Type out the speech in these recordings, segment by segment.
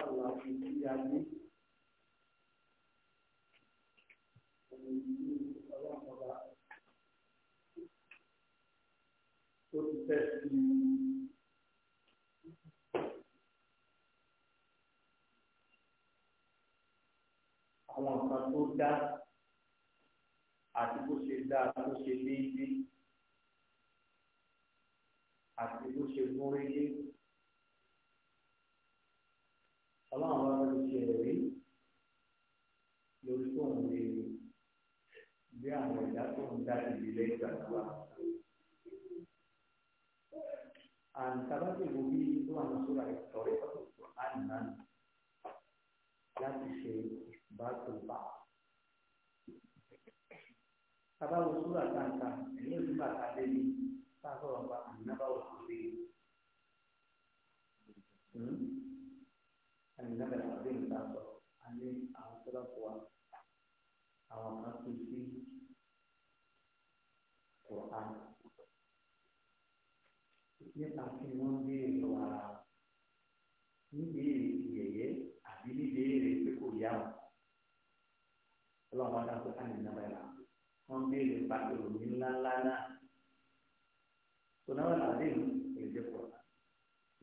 táwọn akéwì ya ní. Ó ti fẹ́ sí i. àwọn nǹkan tó dá àti bó ṣe dá bó ṣe déédé àti bó ṣe gún régé ọlọ́run bá lórí ṣe rí lórí fóun lè bí àwọn ìdá tó ń dá ìdílé ìgbàdúrà. àǹtàbàtì wo bí tó wà ní sóra ìtọ́rẹ́ pàtàkì àìmán láti ṣe ìbátòbá. tábàwò sóra táǹkà ẹ̀yìn òdúgbà tàbí ní sáfọ̀rọ̀ bá ànábàwò kò rí النبي العظيم تاسو عليه او سلف و او قصد في قرآن nípa kí wọ́n béèrè lọ́wọ́ ara wọn níbèrè yẹ̀yẹ́ àbí níbèrè pé kò yá wọn ọlọ́run adáko ká nínú ẹ̀rọ ẹ̀rọ wọ́n béèrè nípa ìròyìn ńláńlá náà tó náwó làbẹ́ẹ̀nù èlé jẹ́ pọ̀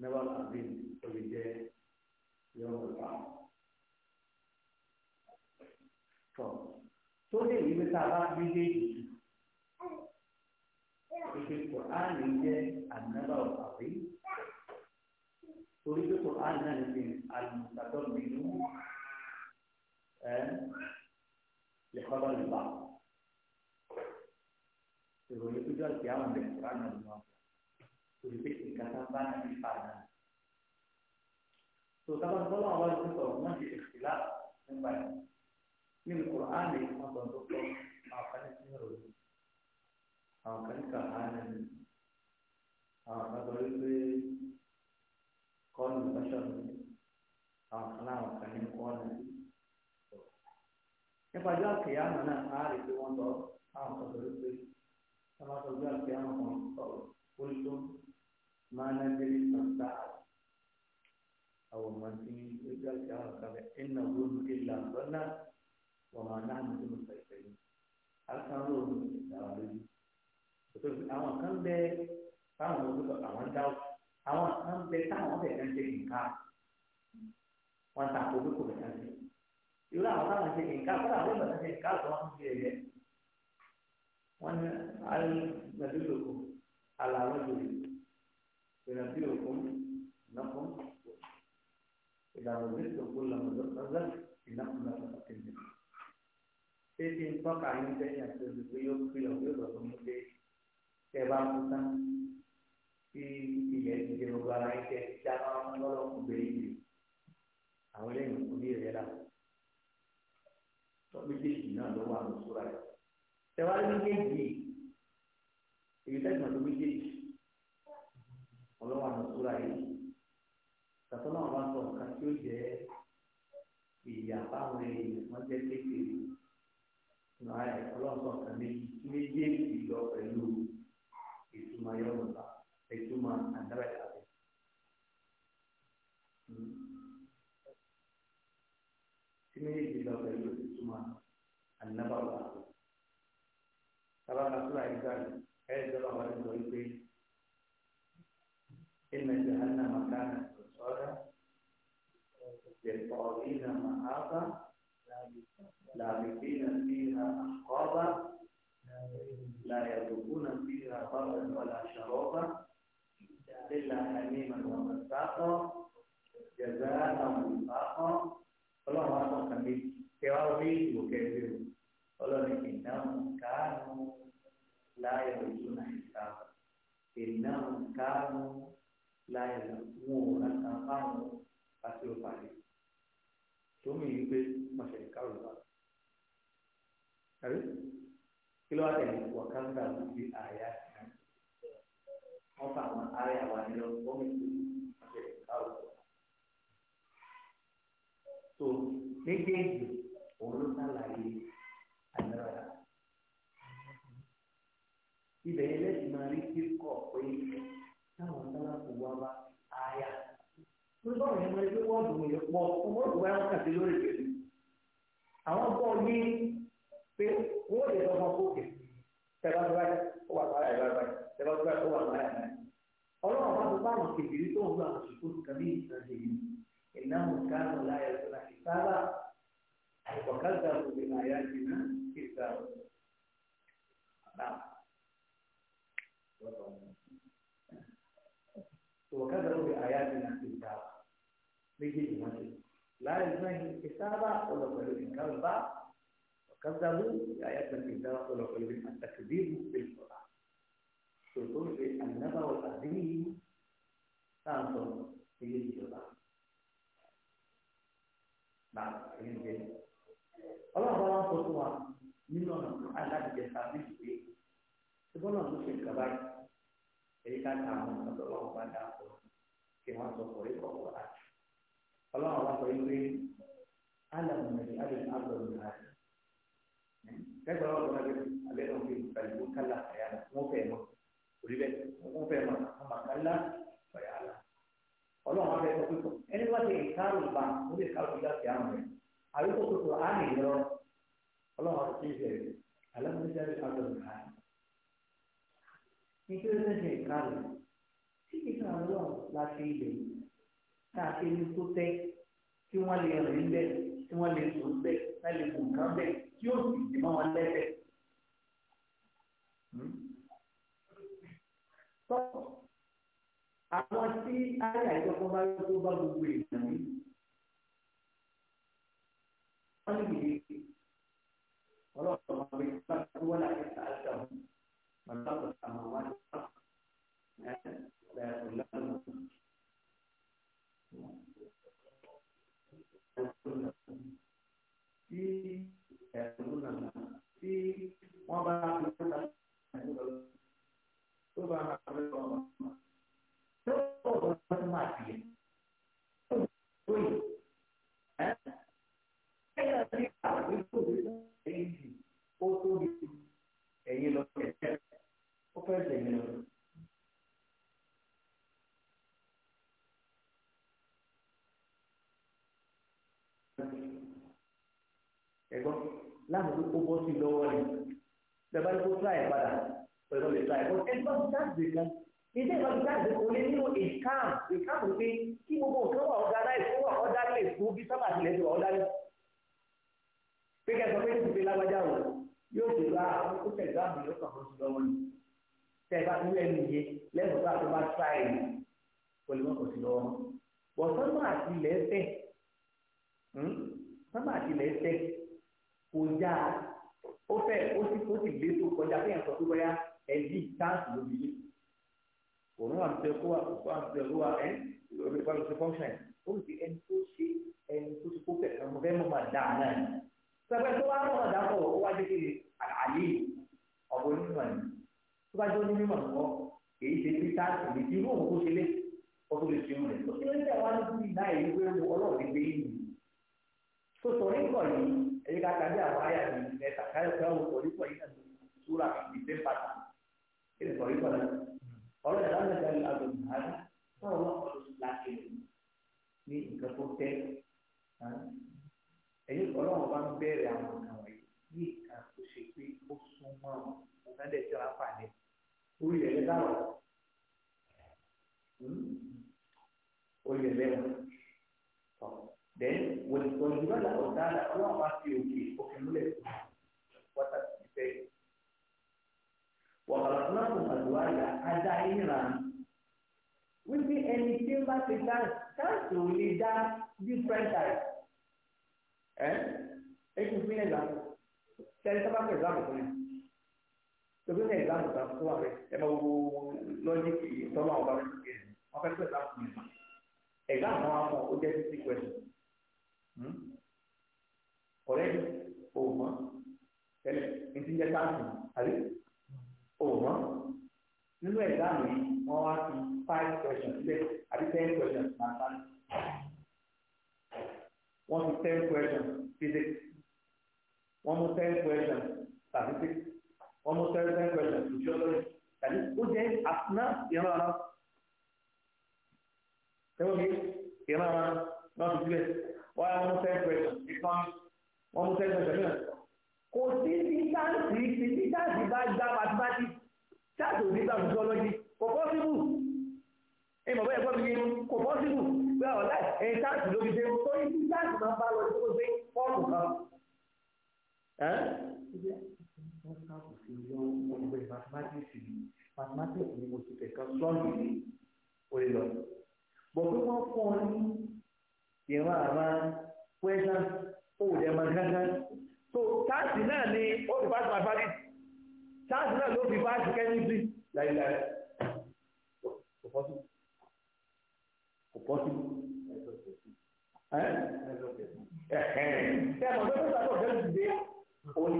náwó làbẹ́ẹ̀nù èlé jẹ́ yóò wà. Tọ́ tó lè rí pé tá a bá gbé dé ìlú. Ìpè Kùránì jẹ́ ànábà ọ̀pàwé. Torí pé Kùránì náà ní àlùmọ̀tàtọ̀ bínú ẹ̀ lẹ́kọ́dọ̀ lè bá. Ìròyìn tó jọ ìpè terutama kalau awal itu kalau di istilah yang baik ini Quran ini untuk untuk maafkan itu maafkan kehanan maafkan kalau itu kon pasal maafkan maafkan yang kon yang pada kiamat mana hari itu untuk maafkan kalau itu sama saja kiamat untuk kultum mana jadi masalah àwọn ọmọ tí ó jẹ́ àti àwọn àkàbẹ̀ ẹ̀nà lónìí ìlà lọ́nà wọn máa náà ní tó ń fẹ́ fẹ́ yìí alùpàrọ̀ òun ìdára lójú òtòbí àwọn kan bẹ báwọn ọmọ tó àwọn dá àwọn kan bẹ táwọn bẹ̀ kàn ṣe nǹkan wọn ta àpò pípò bẹ̀ kàn ṣe irú àwọn táwọn ṣe nǹkan kọ́lá àwọn ìgbà tó ṣe nǹkan àtọ́ wọn fi ẹ̀yẹ wọn ní alùpàdé lòkù alàwọ̀ lòkù ìrìnàbí lòkù nàkùn. إذا نزلت كل نزل إنكم لا تستقيم ṣé kí n tọ́ka yín sẹ́yìn àti oṣù pé yóò fi ọ̀gbẹ́ ìgbà tó mú pé tẹ bá kú tán tí ilẹ̀ ti di gbogbo ara yín tẹ tí a máa ń lọ́rọ̀ kú gbé yìí àwọn eléyìí kò ọlọ́wà lóṣù rẹ̀ yìí tàbí náà bá sọ nǹkan tí ó jẹ́ ìyá báwọn èèyàn wọ́n jẹ́ kékeré náà ẹ̀ ọlọ́sọ̀ kan méjì tí méjèèjì lọ pẹ̀lú ìtumọ̀ yọ̀ọ̀nà ìtumọ̀ àdábẹ̀tà rẹ̀. tí méjèèjì lọ pẹ̀lú ìtumọ̀ àdábẹ̀tà rẹ̀. sábàbà tó àyíká rẹ̀ ẹ̀ ẹ́ dọ́là wà lóko wípé ẹ̀ nàìjíríà náà. للطاغين مآبا لابثين فيها أحقابا لا يذوقون فيها بردا ولا شرابا إلا حميما وغساقا جزاء وفاقا ọlọ́run wa mọ̀ kàn mí kẹ wá orí ìlú kẹfì o ọlọ́run ìnáwó káánù láyé ojú nàìjíríà ìnáwó káánù láyé wọn ò rà kàn fáwọn pàṣẹ òpàdé. tó mì í pé màṣẹ ìkárò lọ àbí kí ló wà tẹ̀lé wàkàndà lórí àyà wọn fà wọn àyà wà ní lọ wọn mì í pé màṣẹ ìkárò tó méjèèjì òun ló sàlàyé àyàrá ibẹ̀ yẹn lẹ́sìn máa rí kíkọ́. lọ́wọ́ yẹn wọ́n ẹgbẹ́ wọ́ọ̀dù mi pọ̀ wọ́ọ̀dù wa yẹn kàdé lórí ìgbẹ́ àwọn bọ́ ní pé wọ́n lè lọ ọmọ kókè tẹ̀lá tó báyìí ó wà báyà ìlú àgbáyé tẹ̀lá tó báyìí ó wà báyà ìlú ọlọ́run bá tó báwọn kékeré tó ń gbà wọn sùkúrù kàbí ìtàgé yìí ìnáwó kánú láyà tó náà ìsáàlà àìkọ̀kádà òbí àyà jìnnà ìgbà ọ̀dà. وكذبوا بآياتنا méjèèjì wọn ṣe láàrin náà ní ìsáábà ọlọpẹlẹ nǹkan bá ọkàdàbù àyàtọ̀ nǹkan ọlọpẹlẹ àtàkìbíru pẹ̀lúpọ̀lá tòótọ́ ṣe ànábàwọ̀ àdéhìí sáàtọ̀ méjèèjì ọba. Ọlọ́run bá wọn sọ fún wa nínú ọ̀nà alájẹta bíi pé ṣùgbọ́n náà ló ṣe nǹkan báyìí èyí ká ta àwọn ọ̀nà tó lọ́wọ́ bá dáa pọ̀ kí wọ́n sọ ọlọ́run wá sọ wípé alàmùmẹ̀lì alẹ́ àgbọ̀n ní àárẹ̀ lẹ́gbẹ̀ẹ́ ọ̀rọ̀ náà lẹ́nu alẹ́ náà fi ìgbàlùkù kálá àyà wọn fẹ́ mọ́ orí bẹ́ẹ̀ wọn fẹ́ mọ́ àmà kálá ọ̀yà àlà ọlọ́run wá bẹ́ẹ̀ sọ pé ẹni wá lè kárò bá ó lè kárò bí láti àrùn rẹ̀ àríkò tó tó á nì lọ ọlọ́run wá sí ìbẹ̀rẹ̀ alàmùmẹ̀lì alẹ́ àgbọ̀n ní àárẹ̀ nítorí káàkiri ní tó tẹ́ kí wọ́n lè rìn bẹ́ẹ̀ tí wọ́n lè sùn bẹ́ẹ̀ tá lè mú nǹkan bẹ́ẹ̀ tí ó sì dì mọ́ wọn lẹ́sẹ̀. Hmm? tọ́ àwọn tí ayé àìjọpọ̀ bá yọ tó bá gbogbo èèyàn ní wọ́n lè yé ọlọ́run ọmọ mi bá tó wọ́n láti ta àṣà wọn bàbá àgbà àwọn àwọn àti ẹ̀ ẹ̀ ọ̀làwọ̀n. tí ẹ̀rù náà tí wọ́n bá lọ́ta tó bá rẹ̀ ọ̀rọ̀ tó bọ̀ bá tó máa tiẹ̀ tó yẹ ẹ́ ẹ̀yà tí àwọn tó lè lọ ẹ̀yìn ó tó lè ẹ̀yìn lọ kẹ̀kẹ́ ó fẹ́ lẹ́yìn lọ. tán ẹ gbọ́ láàmú ó bọ́ sí lọ́wọ́ rẹ̀ bẹ́ẹ̀ bá ní kó tíráì padà pẹ̀lú lè tíráì bọ́ ẹgbẹ́ bá táàsì kan ilé ìgbà táàsì kò lè nínú ìkáàm ìkáàm pé kí gbogbo nǹkan wà ọ̀gá náà ìfún wà ọ̀dá lè fún bí sábà tilẹ̀ ti wà ọ̀dá lẹ̀ pé kẹsàn pé tìpé lágbájá wò yóò ti ra ah, ó tẹ̀ gáàmù yóò kàn fún lọ́wọ́ ni tẹ̀ bá ní ẹnu yẹ lẹ́nu bá tó bá tíráì kò lè kò sí lọ́wọ́ Hmm? sábà tilẹ̀ tẹ kọjá ó fẹ́ ó sì ó sì lé tó kọjá kéèyàn sọ pé bóyá ẹbí táàsì ló bí yé òun wà tẹ kó wà kó wà tẹ kó wà ẹ òbí wà lóṣù fọ́nṣẹ̀ ó sì ẹni tó ṣe ẹni tó ṣe kó fẹ́ ọmọ fẹ́ mọ̀ máa dà náà sọpẹ́ tó wá mọ̀ máa dà pọ̀ ó wá dé kéde àlàyé ọ̀bọ onímọ̀ ni tó bá jẹ́ onímọ̀ kọ́ èyí ṣe pé táàsì lè ti irú òun kó ṣe lé ọtún lè ṣe òun rẹ̀ ó ṣe lé tó torí ń bọ̀ yìí èyí ká tàbí àwọn àyà mi mẹ́ta káyọ̀ pé àwọn torí pọ̀ yìí náà súra ìdí pé pàtó èyí torí pọ̀ náà ọ̀rọ̀ ìdá mẹ́ta ní àgbẹ̀ ìhàdá sọ̀rọ̀ wọn kọ́ lóṣù láti ní nǹkan tó tẹ́ èyí ọlọ́run bá ń bẹ̀rẹ̀ àwọn nǹkan wọ̀nyí ní nǹkan tó ṣe pé ó sún mọ́ ọ̀nà dẹ̀ tẹ́ra pàdé orí ẹ̀ dáwọ̀ hmm? orí ẹ̀ lẹ́wọ̀n then wọ́n ti sọ ìdúró àlà ọ̀dà àlà ọlọ́run bá fi Okay, òkè múlẹ̀ wọ́tà ti fi fẹ́. wàhálà fún àwọn àdúrà yà ajá ìnira wípé ẹni tí ń bá ti dá dáàtì ò lè dá different type Eh? ẹ kì í fún ẹgbàá tẹ́lẹ̀ sábà fún ẹgbàá example for me. ní ẹgbàá fún ẹgbàá fún wa rẹ ẹ bá wo lọ́jíìkì tọ́lá ọba rẹ wọ́n fẹ́ fún ẹgbàá fún mi ẹgbàá fún wa fún ọ ó questions ọ̀rẹ́ òmọ́ tẹ́lẹ̀ etí ń jẹ́ táàkì àbí òmọ́ nínú ẹ̀dáàmù yìí wọ́n wá fi five questions sílẹ̀ àbí ten questions máa ta wọ́n fi ten questions physics One mú ten questions statistics One mú ten ten questions sociology tàbí ó jẹ́ àtúná ìran ara tẹ́wọ́n mi ìran ara náà fi sílẹ̀ wọ́n á mú ten percent ìkan wọ́n mú ten percent náà. kò sí títàǹsì tí títàǹsì bá gbá mathematics ṣáàtì òní gbà physiology kò possible ìmọ̀ bẹ́ẹ̀ gbọ́ mi yé kò possible pé ọ̀la ẹ̀ ṣáàtì ló fi dé tó ní títàǹsì máa bá lọ sí kó dé fọ́ọ̀mù kan. wọ́n sábà fi yọ ọgbẹ́ mathematics mathematics ni mo ti tẹ̀ka sọ́ọ̀nù yìí ó lè lọ. bọ̀ pé wọ́n fún ọ ní. ìran àwọn pẹ́sán ó lè mọ gángan so táàsì náà ni ó fi fásitì mathematics táàsì náà ló fi fásitì chemistry láìláì kò pọ́sí kò pọ́sí tó òun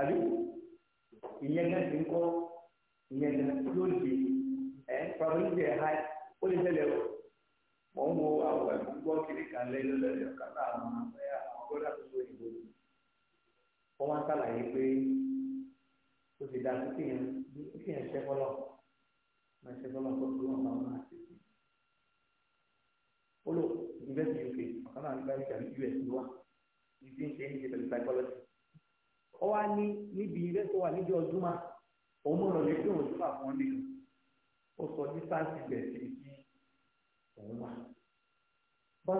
àbí ìyẹn gan ti ń kọ́ ìyẹn gan ní ha ó lè tẹ̀lé o. mò ń wo àwọn ẹ̀mú gbọ́ kiri kan lé lọ́lẹ́lẹ́ ọ̀kan náà àwọn àwọn gbọ́dọ̀ tó so ìbò yìí wọ́n wá sàlàyé pé ó ti dáa kí èèyàn ṣẹ́ fọ́lọ́ máa ṣẹ́ fọ́lọ́ tó tó wọn máa ṣe sí. ó lò UK ọ̀kan náà nígbà yìí US ibi ń ṣe ṣe pẹ̀lú psychology. ó wá ní níbi wà níbi ọdún mà òun mọ̀ràn òun fún ọ ó sọ òun wà bá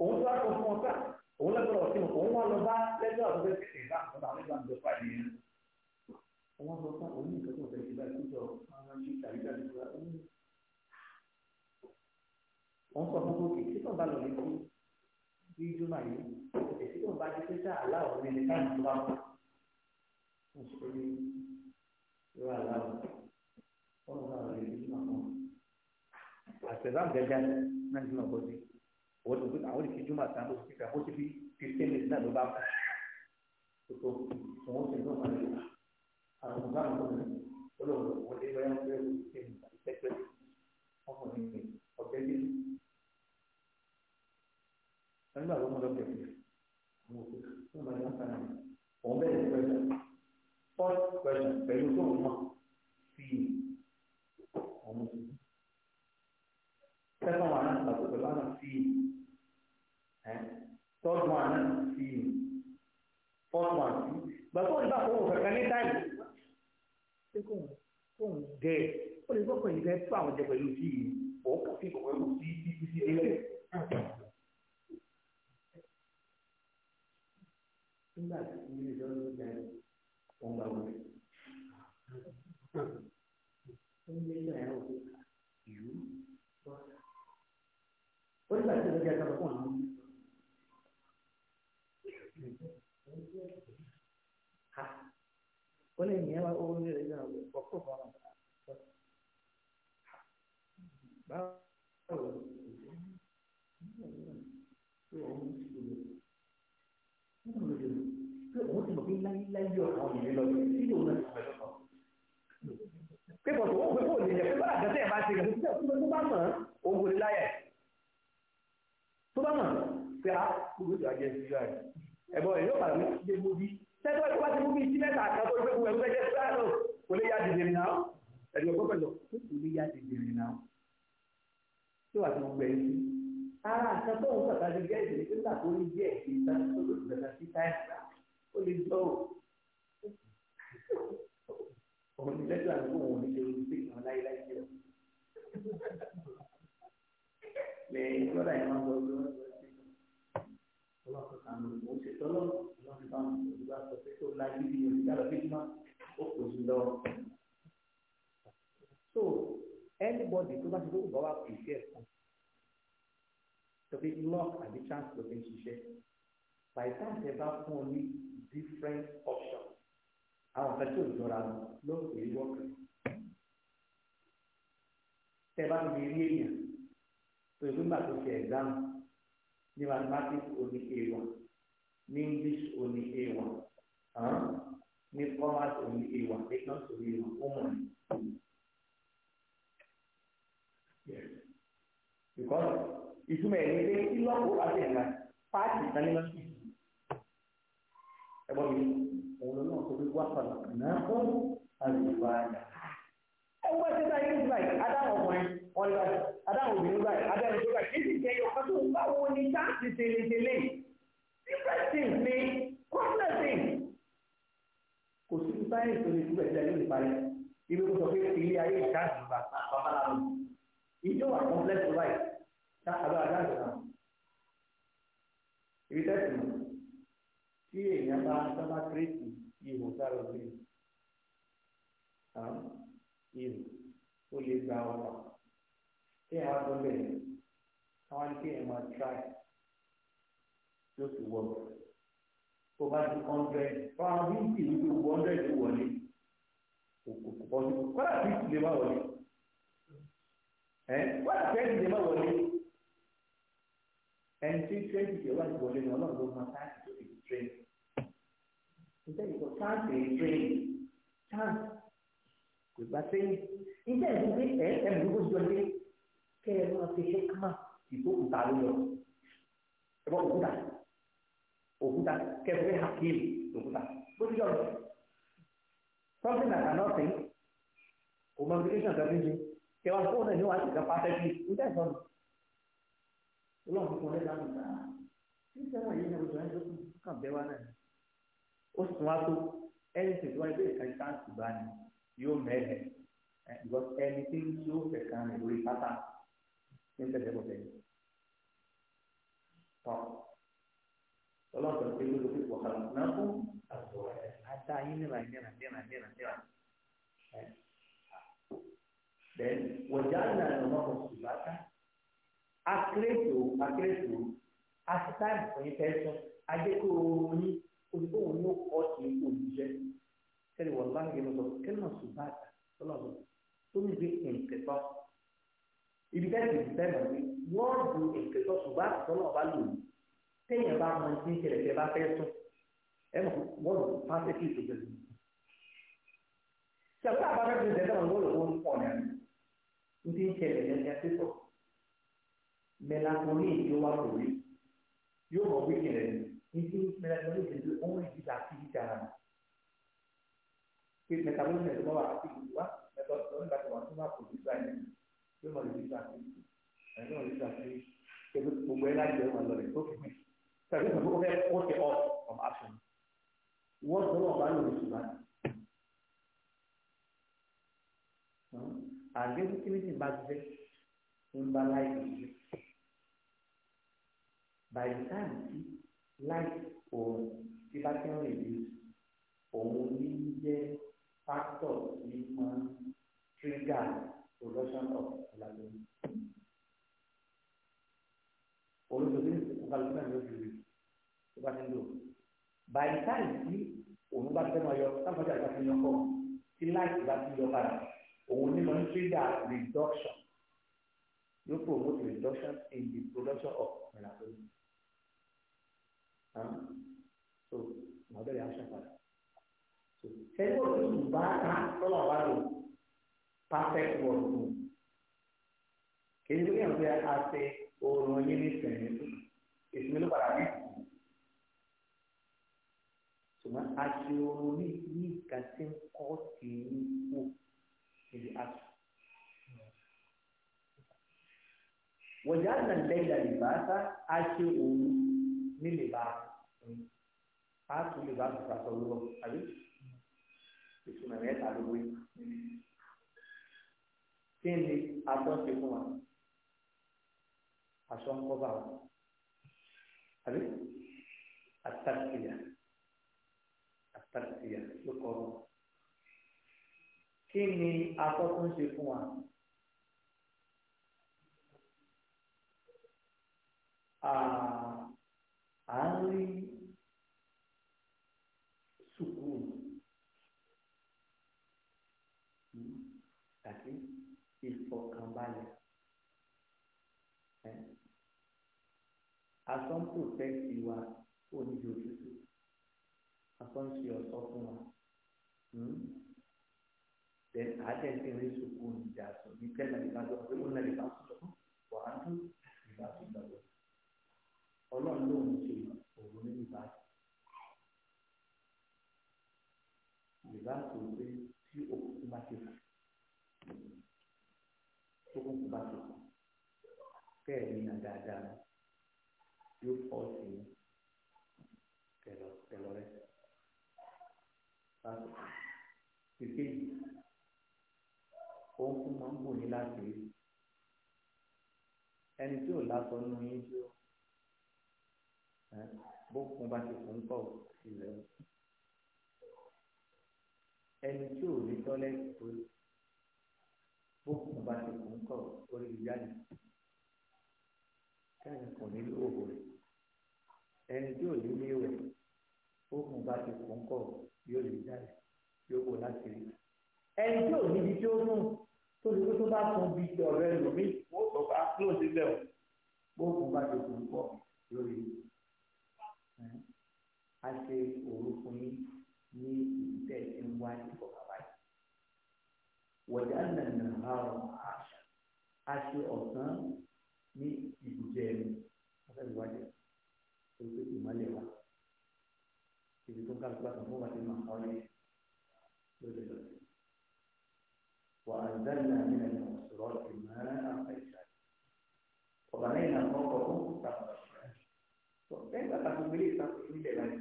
òun tó wá sọ fún ọgbà òun lẹ́gbẹ̀rẹ̀ ọ̀sìn òun wá lọ bá lẹ́gbẹ̀rẹ̀ ọ̀sìn tètè bá àwọn àwọn ìgbà ìjọba yìí rẹ̀ wọ́n sọ fún òun ní ìtọ́jú ọ̀sẹ̀ ìgbà ìjọ àwọn ṣe ìtàríkà ìjọba òun sọ fún òkè tí wọ́n bá lọ lẹ́kọ́ bí jùmọ̀ yìí òkè tí wọ́n bá ti pé sáà aláwọ̀ ní ẹni káàmù tó bá wà wọ́n sọ pé yóò aláwọ̀ wọ́n lọ bá lọ lẹ́kọ́ àtẹ̀sán gẹ́gẹ́ náà ti náà bọ́ sí àwọn tó àwọn ìfi júmọ̀ àtàn ló ti fẹ́ àwọn tó fi fifteen minutes náà ló bá kú tó tó wọn ti náà wọlé àwọn ọ̀gá àwọn ọ̀gá olóòwò wọn lé lọ́yà pé ó ti ń tẹ́tẹ́ ọkùnrin mi ọ̀gá ẹgbẹ́ mi. nígbà tó mú lọ bẹ̀rẹ̀ àwọn òkú tó ní wọn sára mi òun bẹ̀rẹ̀ pẹ̀lú first question pẹ̀lú tó ń mọ̀ sí second one náà tàbí pẹ̀lú àná sí i third one náà sí i fourth one sí i gbàgbọ́ nígbà tó wọ̀ kankan ní táìmù ṣé kò ń kò ń gẹ ó lè gbọ́kọ̀ yìí fẹ́ tó àwọn jẹ pẹ̀lú sí i òun kò fi kọ̀kọ́ kù sí i sí i délẹ̀. nígbà tí ilé ìjọ ló ń darí òun gbàgbọ́ rẹ̀ ó ń lé ìjọ yẹn ó fi. ó nígbà tí ìgbésẹ̀ ẹ̀ka fún àwọn. ó lè ní ẹwà owó ní ìrẹsì náà ọkọ fún ọmọ báwo òun ti mọ̀ pé láyé ọ̀rọ̀ yìí lọ sí ìlú náà pé bọ̀dọ̀ ó pé kò lè jẹ́ pé bá àgbẹ̀tẹ̀ bá ti rẹ̀ tó bá mọ̀ ọ́n òun kò bá mọ̀ pé a kúrò tó ajẹ́ sí yára ẹ̀bọ̀ èyí ó padà ní ilé múbi tẹ́tọ́ ìpá ti múbi sí mẹ́ta kan tó gbé gbogbo ẹgbẹ́ jẹ́ sílẹ̀ kò lè yá dìde rìn náà ẹ̀dùn ọgbọ́n pẹ̀lú kò lè yá dìde rìn náà tí wàá ti mú gbẹ̀yìn sí. ara àṣà tó ń sọ̀tà ti gẹ́ ìdílé tó ń tà tó ní díẹ̀ ìgbà tó ló ti bẹ̀rẹ̀ sí tọ́lọ́ lọ́n ti bá wọn lórí bá sọ pé tó la yíbi òrìṣà lọ fíjúmọ́ ó kò sí lọ. so anybody tó bá ti lóko bá wà kò sí ẹ̀sán sọ pé luck àbí chance ló fi ń ṣiṣẹ́ by time tẹ bá fún ọ ní different option àwọn kan tí ò jọra lọ ló ń pè é work tẹ bá ń bi rí èèyàn tó ìgbìmọ̀ àtúnṣe exam ní mathematics oní a one ní english òní a1 ní commerce òní a1 economics òní a1 ó mọ̀ ní. because ìtumọ̀ ẹ̀ ní pé kí lọ́pọ̀ láti ẹ̀ náà páàkì kan nínú sí i. ẹ̀gbọ́n mi òun ló náà sọ pé wá padà náà fún àlùfà àjà. ẹgbẹ́ tẹ́tà yìí ń gbà yìí adáhùn ọkùnrin wọn ni báyìí adáhùn obìnrin báyìí adáhùn obìnrin báyìí kí sì jẹ́ yọ̀ọ́ kan ń bá wọn ní sáà ti tẹ̀lé tẹ̀lé different things ni complex things kò sí ní sáyẹ̀nsì tó lè túbẹ̀ tẹ̀lé lè parí ibi kò sọ pé ilé ayé ìdáàbò bá bàbá làwọn ìjọ wà complex báyìí dáàbò àdáàbò náà ibi tẹ́sí mọ̀ tí èèyàn bá sábà kírètì ihò sára obìnrin ihò ó lè gba ọ̀la tí a gbọ́ bẹ́ẹ̀ káwọn ní kí máa tíráì ló ti wọ̀ tó bá ti hundred fáwọn bíntì ní gbogbo hundred ló wọlé òkùnkùn bọ́ọ̀lù kọ́lá bíntì lè má wọlé ẹ kọ́lá bíntì lè má wọlé ẹni tí twenty lè wá wọlé ní ọlọ́run ló máa táàkì tó fi train níta ìkọ̀ táàkì train táàkì kò bá sẹ́yìn níta ìdúgbò ẹ ẹ mú gbogbo jọlé kẹ́ ẹ máa fi ṣe kama ìtòkùtà ló lọ ẹ òkúta kẹfẹ́ hakim òkúta bójú jọ lọ something that are nothing communication kan níbi kẹwà fóònù ẹ̀ ní wàá ṣìkà pàtẹ́kì níta ìfọ́n ọlọ́run kò lè lánàá náà ní sẹ́wọ̀n yìí ní oṣù ẹni tó kù kàn bẹ́ẹ̀ wá náà ó sì tún wá tó ẹni tètè wá ibẹ̀ ìka ìta ìgbà ni yóò mẹ́lẹ̀ ẹni tí yóò fẹ̀ kan lórí pátá ní sẹ́sẹ̀ bọ̀tẹ́ yìí ọlọ́run tó ń gbé lórí pípọ̀ kan náà fún àtọ̀ ẹ̀ ata yín nira nira nira nira nira ẹ̀ then wọ̀jà àná ọmọ kan sì bá ká akérètò akérètò asítáàmù fún yín fẹ́ sọ adékòrò yín olùkọ́ òun yóò tu mesti olùjẹ́ kẹ́lẹ́ wọ́n láǹgì ló sọ kẹ́lẹ́ náà sì bá ká ọlọ́run tó ń téèyàn bá mọ ní ìṣẹ̀lẹ̀ tẹ́ bá fẹ́ sùn ẹ mọ̀ wọ́ọ̀lù fásitì ìṣèjọ ṣàkóso àbáfẹ́ tó ń tẹ̀lé wọn wọ́ọ̀lù wọn pọ̀ ní àná ní ìṣẹ̀lẹ̀ lẹ́yìn àtẹ́sọ̀ melatonin yóò wá lórí yóò mọ̀ wí kẹrẹ ní ti melatonin ti di ohun ìdí àtìlítì ara pé metabolism ẹ̀ tó bá wà àtìlítì wá metabolism bá ti wà tó bá kò ní ìgbà yẹn yóò mọ̀ ìdí àtìlítì ẹ̀ yóò mọ̀ ìdí àtìlítì gbogbo ẹ̀ láti ẹ̀ wọn lọ rẹ̀ tó fi mí. Tẹ̀lé ìgbà tó fẹ́ ó ṣe off from action. Wọ́n tó wọ́n bá lò lóṣù báyìí. Àgbẹ̀bí kìrìsì bá gbé ń bá láìpẹ́ yìí. By the time tí láì òun tí bá ti ń rìn yìí, òun ní jẹ́ factor ní máa ń trigger production of melatonin. Olùsọ̀tún ìkọ̀kọ̀ ló fẹ́ràn lójú rẹ̀ tó bá ti ń lò báyìí táyì tí òun bá fẹ́ máa yọ sáfọ́jà bá ti yọ kọ́ tí láìsí bá ti yọ padà òun ní lọ sí dà reduction yóò promote reduction in the production of melatonin so àwọn bẹ̀rẹ̀ aṣọ padà so ṣẹ́yìn kò tó sùn bá ká tọ́lọ̀ wá lò perfect world mu kì í ṣe pé kí n fẹ́ àṣẹ oorun yín ní sẹ́yìn ìsinmi ló padà ní ṣùgbọ́n aṣèrò ní ní nǹkan tí ń kọ́ sí ní kú ìdí aṣọ. wọ̀jà àná lẹ́yìn àlìbáṣá aṣẹ òun ní lèba a tún lè bá bùkà sọ lọ àbí ìtumọ̀ mẹ́ta ló wé kí ni aṣọ ṣe fún wa aṣọ ń kọ́ bá wa àbí àtàkìyà tàṣìyà ló kọ ọ. kí ni atọ́kùn ṣe fún wa? à ń rí sùkúù àti ìfọkànbalẹ̀. asọ́npò tẹ́sí kọ́ńtì ọ̀sọ́ fún wa hmm? then àádẹ́sí rí sùkú ìjà sùn ní tẹ́lẹ̀ ìbájọ́ pé ó lẹ́yìn bá sùn lọ́wọ́ wà á tún ìbá sùn lọ́wọ́ ọlọ́run lòun ṣe òun ní ìbá ìbá sùn pé tí òkùnkùn bá ti fà tó kùnkùn bá ti fà kẹ́ẹ̀ ní àdáadáa yóò fọ́ sí i. ìkejì òun fún máa ń bò ní láti rí ẹni tí ò lásọ nínú yín tí ó bókun bá ti fún pọ̀ ilẹ̀ ẹni tí ò rí tọ́lẹ́tì tó bókun bá ti fún pọ̀ orí jáde kẹ́hìn kò ní lóògùn ẹni tí ò rí léwẹ̀ bókun bá ti fún pọ̀ yóò lè jáde yóò wò láti rí ẹni tí ò níbi tí ó mú tó ti pé tó bá tún bí ọ̀rẹ́ lòmí ó sọ pé ápúlò ah, sílẹ̀ o bóògùn bá ti kùn pọ̀ lórí a ṣe òru fún yín ní ìdílé tí ń wá ìfọ̀kàbá yìí wọ̀dà nànà àrùn àṣà a ṣe ọ̀sán ní ibùjẹ́ ẹni ọ̀sán ìwádìí tó pé ìmọ̀lẹ̀ ibi tó kálukú àti fún wàtí máa kọ́ yẹn lóde lóde. wà á dáná ní ẹnu sọ̀rọ̀ ìmọ̀ràn àfẹ́sà ọ̀bà náà ìlànà ọkọ̀ ó kú tàbí ọ̀sẹ̀. tó bẹ́ẹ̀ bàtà tó gbélé ìtàkùn nílẹ̀ láti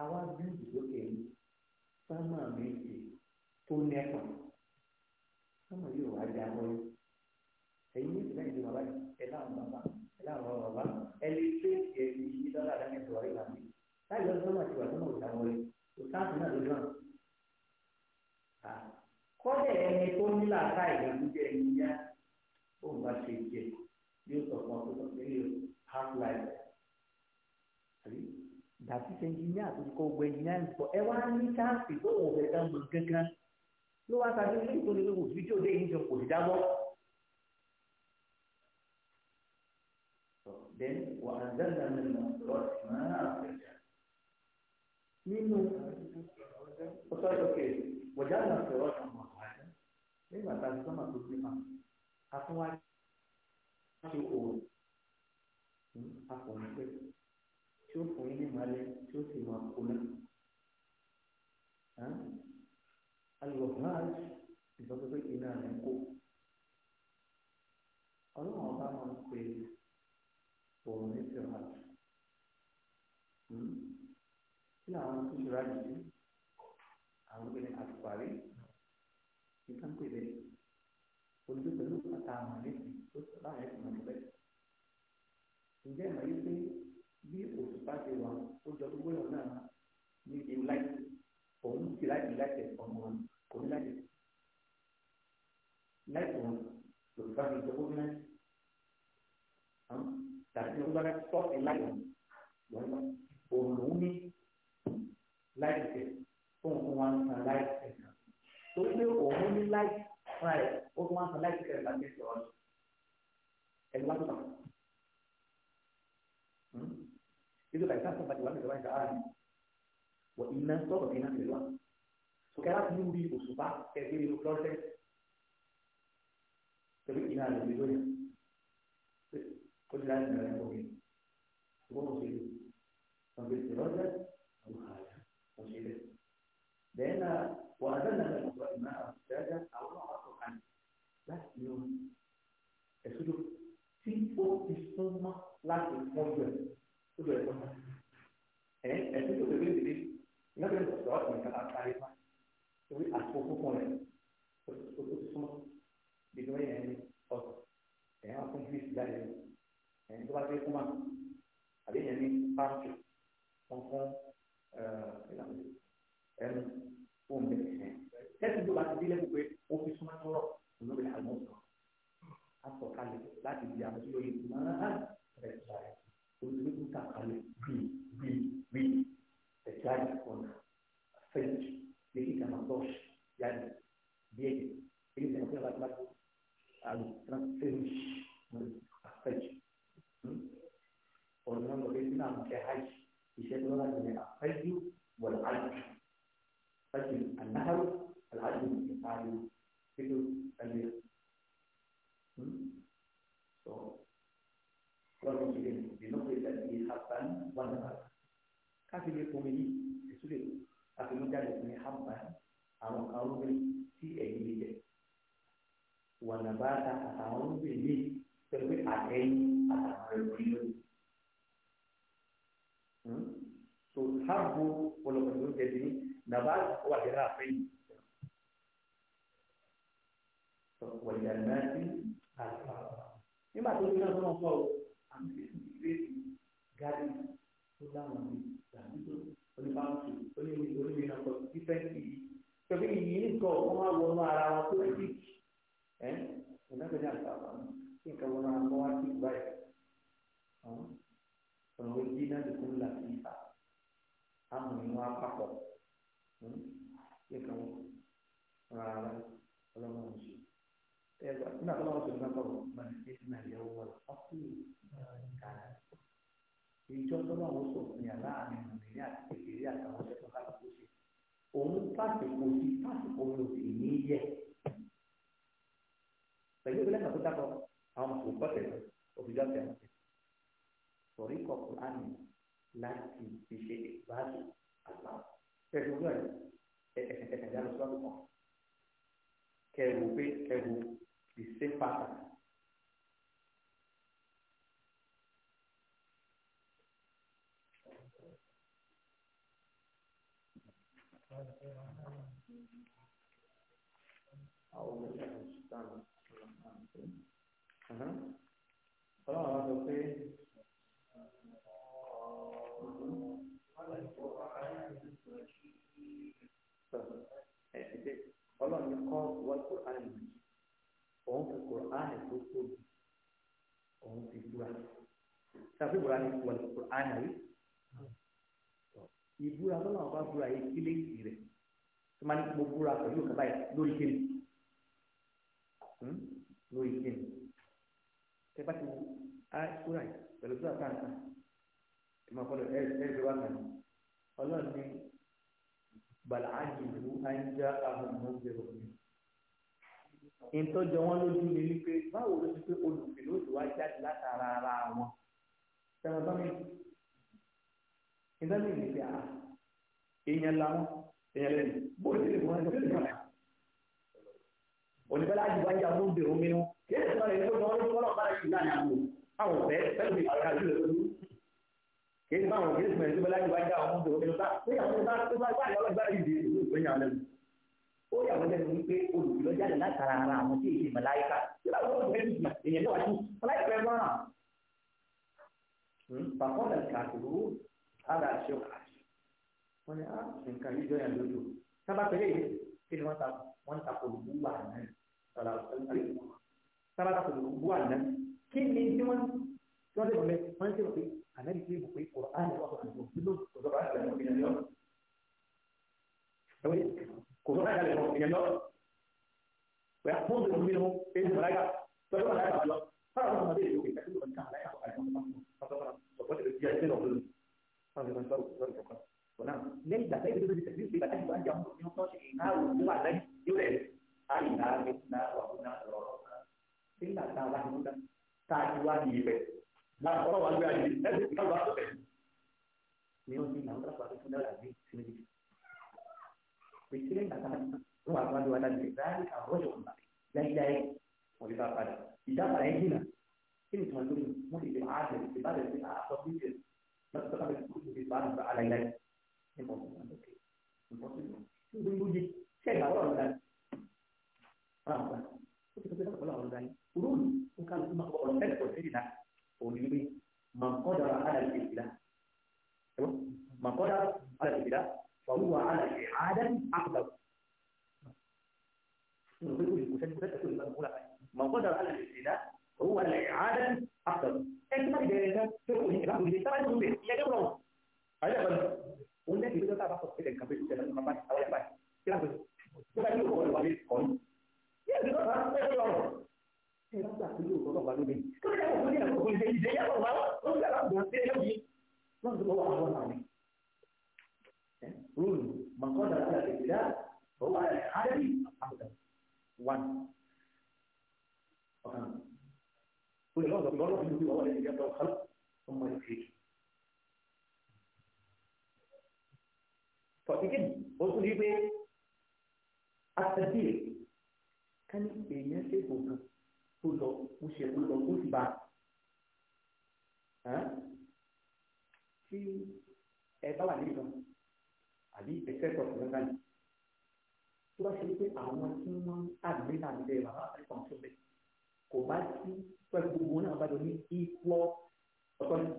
àwa bí ìdókè ní sámà méjì tó nẹ́pà sámà yóò wá dá lọ́yọ́ ẹ̀yin méjì náà ìdí bàbá ẹ̀ láwọn bàbá ẹ̀ láwọn bàbá ẹ̀ lè ṣe ẹ̀ yí dọ́là dání láì lọ́sọ́ náà ti wà nínú ìtàwọn rẹ̀ òtáàtì náà ló náà. kọ́dẹ̀ ẹni tó ní làákà ìgbàlódé ẹni yá òun bá ṣe jẹ yóò sọ fún ọkọ lẹ́yìn half life dàbí ẹnjìníà tó kọ gbogbo ẹnjìníà ń sọ ẹ wá ní káàsì tó wọ̀ ẹ̀ dáhùn gángan ló wá tàbí ní ìtòlè ló wò fídíò lé yìí jọ kò sí dábọ́. then wà á dáná nínú ọ̀rọ̀ ìmọ̀ nínú ọ̀sọ́dọ̀kẹ́ wọ̀já náà fẹ̀rọ ọ̀sán mọ̀ àjẹ́ nígbà tá a ti sọ́mà tó gbé máa a fún wa ṣe òun akọ̀wé pé tí ó fún yín ní ìmọ̀lẹ́ tí ó sì máa kó náà alùpàá ìfọ̀sọ̀fẹ́ iná rẹ̀ kó ọlọ́run ọba máa ń pè òun ní nínú àwọn tó ṣe ráàyè sí àwọn gbé ní àtùpàrí nǹkan pè bẹ́ẹ̀ olùdó pẹ̀lú bàtà àmọ̀ lẹ́sìn tó sọ láwọn ẹ̀sìn mọ̀ bẹ́ẹ̀. ǹjẹ́ ìmọ̀ yìí pé bí òṣùpá ti wà ó jọ gbogbo ìwọ̀n náà ní ìdí láì òun ti láì di láì ọmọ wọn kò ní láì láì wọn lòṣùpá ti jọ gbogbo náà tàbí wọn gbọ́dọ̀ tọ́ ẹ̀ láì wọn òun lòún ní láìpẹ́ fóun fún wa ń san láìpẹ́ kan torí pé òun ní láìpẹ́ fún ẹ̀ ó fún wa ń san láìpẹ́ kan láti ṣe ọ̀rọ̀ ẹ̀rù wá tó tàn. Itu tak kisah tempat jualan kepada jalan. Wa inna sobat inna keluar. Sekarang nyuri usubah, kiri lu keluar saya. Tapi inna ada videonya. Kau jalan dengan yang begini. Semua mesti sambil keluar saya. Tuhan. لأن وأذلنا للمطلق ما أفساد أو نعطف عنه لا يوم السجود tí ó ti súnmọ́ láti mú yọ tó lọ ẹ̀kọ́ náà ẹ̀ ẹ̀ tó tó tẹ̀lé tẹ̀lé lọ́dọ̀ ìgbọ̀nsọ̀ nǹkan àtàrí fa torí àpò púpọ̀ rẹ̀ ó ti súnmọ́ bíi wọ́n yẹn ní ọ̀sọ̀ ẹ̀ wọ́n fún bíi ìgbà yẹn ẹ̀ tó ẹnu fún mi ẹ tẹsí tó bá ti délé gbogbo ó fi súnmọ́ tọrọ olórí àwọn ọ̀sán aṣọ kalẹ̀ láti di àwọn tí ó yẹ kó máa rẹ̀ sáré olórí tó ta kalẹ̀ bí bí bí ẹ̀já ìkọ̀nà fẹ́ẹ̀jì lèyí kan máa bọ̀ jáde bíẹ̀ èyí sẹ́yìn fún ìbátan bátan àlù transfẹ́ẹ̀jì fẹ́ẹ̀jì hmm? ọ̀nà lọ́dọ̀ bí náà ń kẹ́ hajj ìṣẹ́ tó lọ́dọ̀ ní àfẹ́jù wọ̀lá àjù rashin annahar al'adun da tsari fito tsalle hmm? so wannan shi ne bi na kuwa tsalle haɓɓan wannan ba kafin ne kome yi da su ne a fi mutane su ne haɓɓan a makarubin tsaye da wannan ba ta a samun rubin ne sai a kai a samun rubin so harbo wani kwanzo da ne نبات وحرافي وجنات ألفافا nígbà tó ní ọdún ọkọ àmì ìrètí gari tó láwọn ní tàbí tó onífàmùsù onímì onímì ọkọ fífẹ yìí tọ́bí yìí nìkan wọ́n máa wọnú ara wọn tó ti ẹ́ ìdájọ́ ní àgbààgbà kí nǹkan wọnú ara wọn wá yẹ kàn wọ́n rárá ọlọ́run ọ̀hún ṣe. ẹgbẹ́ nígbà tó lọ́wọ́ sọ̀rọ̀ náà kọ̀ọ̀ máa ṣe ti náà yẹ wọ́n ọ́kú kàrà. ìjọ tó lọ́wọ́ sọ̀rọ̀ ní aláàmì nàìjíríà kékeré àtàwọn ọ̀sẹ̀ tó kálù kó ṣe. òun pàṣípò sí pàṣípò mi ò sì ní yẹ. pẹ̀lú ìpínlẹ̀ kan tó dákọ̀ àwọn màkòkò tẹ̀lé òfìjọ́ tẹ̀lé sọ̀rí kọ̀ọ̀kan láti fi ṣe ìbáṣe àgbà ẹ̀dùn náà ẹ̀ẹ̀dá lọ sọ́dọ̀ kan kẹwò pé kẹwò the same pattern. Ọlọ́run á sọ pé. ọlọ́run ní kọ́ wọ́n kùránì òun fi kùránì tó tóbi òun fi búra ṣàfi búra ní wọ́n kùránì àrí ìbúra tó náà bá búra yìí kílé ìsì rẹ̀ tó máa ní mo búra pẹ̀lú òkè báyìí lórí kíni hmm? lórí kíni tẹ bá ti wo á kúrà pẹ̀lú tó àtàǹtà ẹ̀ fọlọ́ ẹ̀ ẹ̀ ẹ̀ bí wàá kàn ọlọ́run ní bàlá àjìbù àìjá ahùnmọ́bẹ̀rọ̀ mi. ìtọ́jọ wọn lójú ni wípé báwo ló ti pé olùfẹ́ ló ti wá jáde látara ara wọn. sẹ́wọ̀n tán mi ìdájọ́ ìdí pé a èèyàn làwọn èèyàn lẹ́nu bó ti lè wọ́n ṣe lè onífẹ́ láti wá ìjà fún bèrè omi nù kí ẹ̀sìn náà lè ní kó jọ wọn ló fọ́lọ́ bá rẹ̀ sí láàrin àgbò àwọn ọ̀fẹ́ fẹ́ẹ́ kéde báwọn òkè ìsìnkú ẹ̀dínwó láti wá dá àwọn ọmọdé òkè lọ́ta pé àwọn ọmọdé tó bá wà lọ́wọ́ gbára ìdè ìlú ìpínyà lẹ́nu. ó yà wọ́n lẹ́nu wípé olùkìlọ́ jáde látara ara àwọn tí èyí màláìka tí bá wọ́n bẹ́ẹ̀ nìyí èyàn náà wá sí màláìka ẹ̀ wọ́n hàn. bàkọ́lá kàtúrú ara àṣọ àṣọ wọn ni nǹkan yìí jọyàn lójú sábà pẹ̀lẹ́ yìí kí ni wọ́n ta wọ́n ta ànábì tí mo pé Qur'an wà fún àjọ kí ló sọ̀rọ̀ bá ṣẹlẹ̀ mọ́ ìyẹn lọ. ẹ̀wọ̀n kò sọ̀rọ̀ ṣẹlẹ̀ mọ́ ìyẹn lọ. wẹ́n fún mi mi nù èyí mọ̀ láyà tọ́jú mọ̀ láyà bá lọ. fáwọn ọmọ ọmọdé yìí ó kẹ́kẹ́ tó kàn láyà kọ̀ àyẹ̀wò máa ń sọ̀rọ̀ sọ̀rọ̀ sọ̀rọ̀ sọ̀rọ̀ sọ̀rọ̀ sọ̀rọ̀ sọ̀rọ̀ sọ̀rọ̀ ونعم ليه ده ليه ده التدريس يبقى تحت بقى يعمل 12 ايه وهو على يقول ايه علينا منا وهنا ربنا الا تعالى هنا تعالوا يبقى Nah, orang wajib aja. Nanti kita bahas itu. Memang sih, namun terus waktu sudah lagi sini. Pikirin kata luar luar dua dan tiga, kalau jauh empat. Jadi jadi, mau kita apa? Tidak pada ini lah. Ini cuma tuh, mau kita ada, kita ada, kita apa sih? Nanti kita ada tuh di sana ada lain lain. Ini mau kita apa? Impossible. Itu bunyi. Saya nggak orang dan orang apa? Itu kita tidak orang dan urun bukan cuma orang dan orang tidak onílé màkọ́dà alàlẹ́ ìlà màkọ́dà alàlẹ́ ìlà fàwùwà alàlẹ́ àádá àkùdà màkọ́dà alàlẹ́ ìlà fàwùwà alàlẹ́ àádá àkùdà ẹni má jẹ ẹ̀dá tó kò ní ìlà kò ní sábà tó lè yẹ kẹ́kọ̀ọ́ àyẹ̀ bọ̀ ó ní ẹ̀kí tó sábà sọ̀rọ̀ sílẹ̀ nǹkan bẹ́ẹ̀ sílẹ̀ nípa báyìí àwọn ẹ̀ báyìí kí ṣe bá gbà pé lóòótọ́ náà wà lóde kí ló dé àwọn ọmọdé àwọn ọmọdé ìdè yẹn wà wá ó ń dára bọ̀ sí ẹlẹ́wì lọ́nà tó wà wọ́n náà ni. rúùlù mọ̀kànlá àti àtẹ̀síra ọwọ́ àdẹ́bí àbùdá wọn. ọ̀kan olè lọ́sọ̀ lọ́lọ́ fi lórí ọwọ́ ẹ̀yẹ tó kọ́ ọmọ ìfẹ́. tọ̀tíkì ó tún rí pé àtẹ̀síra ká ní èèyàn ṣe é tó lọ ó ṣe ó lọ ó sì bá tí ẹ bá wà nìkan àbí ẹsẹ̀tọ̀ lọ́gà ni tó bá ṣe pé àwọn tí wọ́n àgbẹ̀ náà bẹ̀ bàbá àtẹ̀kọ̀ tó bẹ̀ kò bá sí pẹ̀lú gbogbo náà bá jọ ní ìpọ̀ ọ̀tọ̀ ni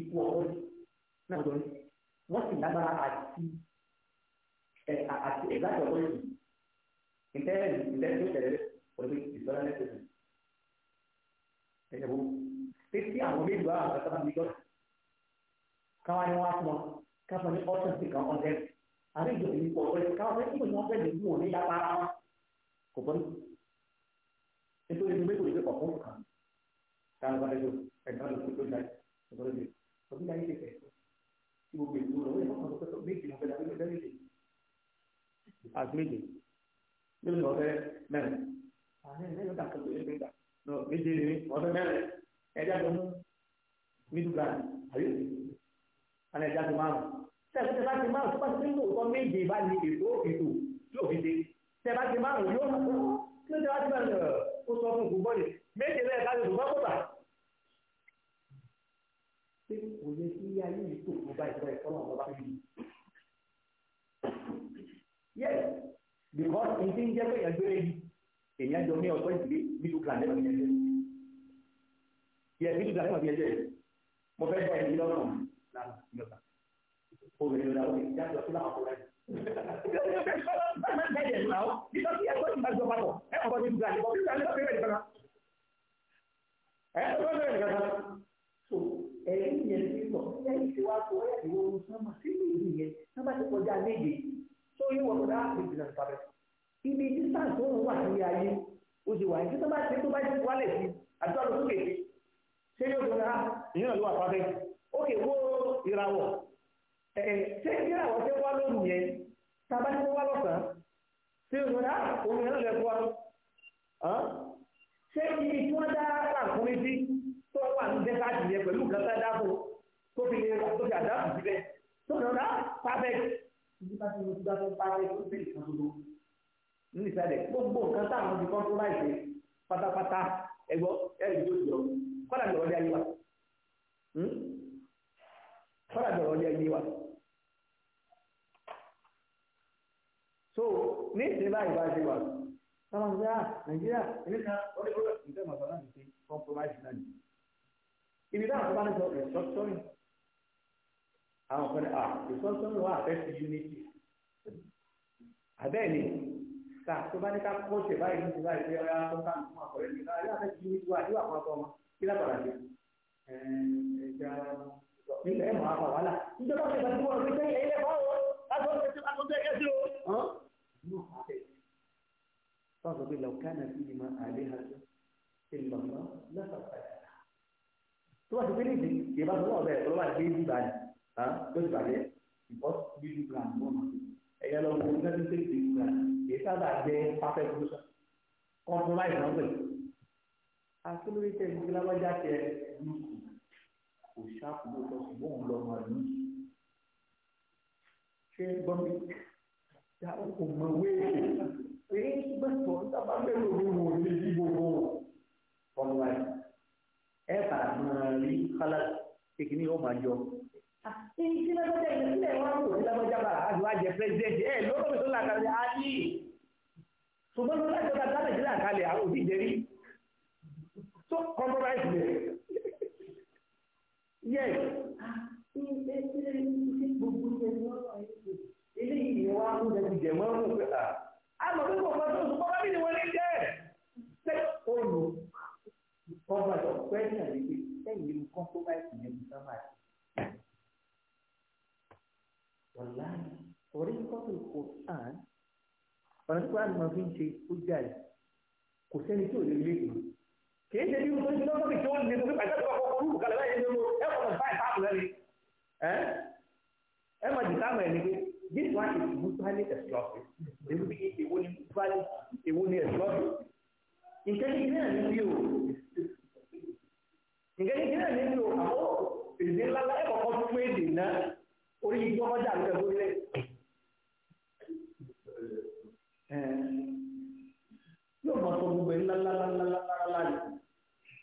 ìpọ̀ ọ̀tọ̀ ni náà jọ ní wọ́n sì lágbára àti ẹ̀ àti ẹ̀dá ọ̀tọ̀ yìí ìtẹ́rẹ̀ ìtẹ́rẹ̀ tó tẹ̀lé orí ìsọ̀rọ̀ ẹ̀ tẹ̀sán ẹ̀yẹ̀wò títí àwọn méjì wà àwọn kẹta níjọ́ káwọn ni wọ́n á fún ọ káwọn ní ọ̀sán sí kan ọ̀dẹ́ àbí ìjọba yìí pọ̀ ọ̀rẹ́ káwọn fẹ́ kíkọ̀ ní wọ́n fẹ́ lè mú òní yá para wọn kò bọ́ nítorí ní méjì òṣèlú ọ̀pọ̀ kan táwọn bá lẹ́jọ́ ẹ̀dá ló tó dá ìgbọ́dọ̀ lè ọdún láyé lè fẹ́ tí gbogbo ìlú lọ́wọ́ ìfọ̀kàn lọ́pẹ́tọ̀ méjì mo ààrẹ ẹ̀rẹ́ yóò dàkọ́ tó yẹ fẹ́ dà lọ méje rèé ọ̀fẹ́ mẹ́rẹ̀ ẹ̀dá tó mú middle ground àbí àná ẹ̀dá tó márùn sẹ́ẹ̀fẹ́ tẹ bá ti márùn tó bá ti mú nǹkan méje bá ní ètò ètò tí ò fi dé tẹ bá ti márùn ah, yes because nǹkan jẹ́ pé ẹ̀gbẹ́rẹ́ yìí èèyàn jọ ní ọ̀pọ̀ ìdílé bídú kan lẹ́nu ẹ̀jẹ̀ yẹ bídú kan lẹ́nu ẹ̀jẹ̀ mo fẹ́ bá ẹni lọ́rùn lánàá lọ́ta obìnrin lọ́la ó ti jáde ọtí láwọn ọkùnrin Ẹ̀yin yẹn ti sọ, ẹ̀yin ti wá sọ ẹ̀yà ìwọ̀n sọ́mà sínú ìlú yẹn, sábà ti kọjá léde, tó yíwọ̀n náà ti jìnnà sábẹ́ ibi distance tó ń wà nílé ayé ó ṣe wà ní títí bá ti tó bá ti wálẹ̀ sí àdúrà lọ sókè ṣé yóò tó ra ìyẹn ló wà pàbẹ ókè wo ìràwọ̀ ẹ ṣé ìràwọ̀ ṣe wá lóru yẹn tàbá ti wá lọ́sàn-án ṣé yóò tó ra omi náà lẹ́kọ́ wa ṣé ibi tí wọ́n dá làkúnrin sí tó wà ní dẹ́sáàtì yẹn pẹ̀lú nǹkan tá a dá fún tó fi lè tó fi àdá kù síbẹ̀ tó lọ́ra pàbẹ ìdí bá ti lọ sí ní ìsàlẹ̀ gbogbo nǹkan táwọn ti compromise pátápátá ẹgbọ́ ẹ̀rí tó jọ kọ́dà lọ́rọ́ ní ayé wa hmm? kọ́dà lọ́rọ́ ní ayé wa. so ní ìsìn báyìí bá ṣe wà táwọn ṣe à nàìjíríà ẹ̀ríkà ọ̀rẹ́gbọ́dọ̀ ìfẹ́ màtọ́ náà ti ṣe compromise náà ni. ibi táwọn tó bá ń sọ restructuring àwọn kan ní ah, à restructuring wà fẹ́ fi unity àbẹ́ẹ̀ ni ta tó bá ní ká kó ṣe báyìí ní ti báyìí pé ọ̀yà tó ká nǹkan àkọ́rẹ́ mi láyé àti kí wíwú àdúrà kan bọ̀ wọn kí lábàrà dé ẹ̀ẹ́dẹ̀gbẹ̀rẹ̀ nílẹ̀ ẹ̀mọ́ àpà wàhálà ìjọba ṣe ìgbà tí wọ́n rí sẹ́yìn ẹ̀yẹ báwo látọ̀ ṣe ẹ̀ṣẹ̀ o. tọ́sọ̀ pé lọ́kànnà sí ni máa àlẹ́ àjọ ìlọ́mọ lọ́sọ̀ọ̀sẹ̀. tó bá ti pé níbi ìbáṣọ́ náà bẹ̀rẹ̀ tó bá dé tó ti bàdé ìbọ́sí ẹ̀yẹ lọ wọ́n ní ṣe ti gbà èyí sábà jẹ́ perfect solution compromise náà pẹ̀lú. akílórí tẹ̀ ní lábájá tẹ ní kò ṣàkóso tó ṣùgbọ́n òun lọ́mọ ní. ṣé gbọ́n mi ya kò mọ wéèrè èyí ń gbẹ̀tọ̀ nígbà mẹ́rin òun wò ní ìdíbò wọn ọ̀nà ẹ̀ bá máa rí kálá kékeré ọmọ àjọ. Ìdí lọ́gbọ́jà ìlú sílẹ̀ wọn kò sí lọ́gbọ́jà bàrà á ti wá jẹ pẹ́sidẹ́ntì ẹ̀ lọ́gbọ́n mi tó là kalẹ̀ á yí. Ṣùgbọ́n tó láti ọ̀gá tá Nàìjíríà kalẹ̀ àwọn òbí jẹrí. So compromise me. Yes. Eléyìí ni wọ́n á mú ẹni jẹ̀ wọ́n mú pé à. Àmọ̀ pé kò fọ́n tó sùn kọ́kọ́ bí ni wọ́n lè jẹ́. Ṣé olù ọmọ ìṣọ̀pẹ́ ní àlejò sẹ́yìn ní compromise yẹn ní sábà wàláì ọ̀rẹ́ yìí kọ́ pé kò án ọ̀nà tí kòrán máa fi ń ṣe ó jà yìí kò sẹ́ni tí ò lè lé ìgbà kì í ṣe bí mo ti lọ́wọ́ bí tí ó lè mú pàṣẹ tó kọ́kọ́ kúrú kàlẹ́ báyìí ló ẹ kọ́ mọ̀ báyìí pàṣẹ lẹ́ni ẹ ẹ mọ̀ jìtá mọ̀ ẹni pé this one is mutually exclusive èmi bí èwo ni mutually èwo ni exclusive nǹkan ní kíní àní bí o nǹkan ní kíní àní bí o àwọn orí igbó ọjà ń tẹ̀lé lórílẹ̀. yóò máa sọ gbogbo ẹ̀ ńláńláńláńláńlá ni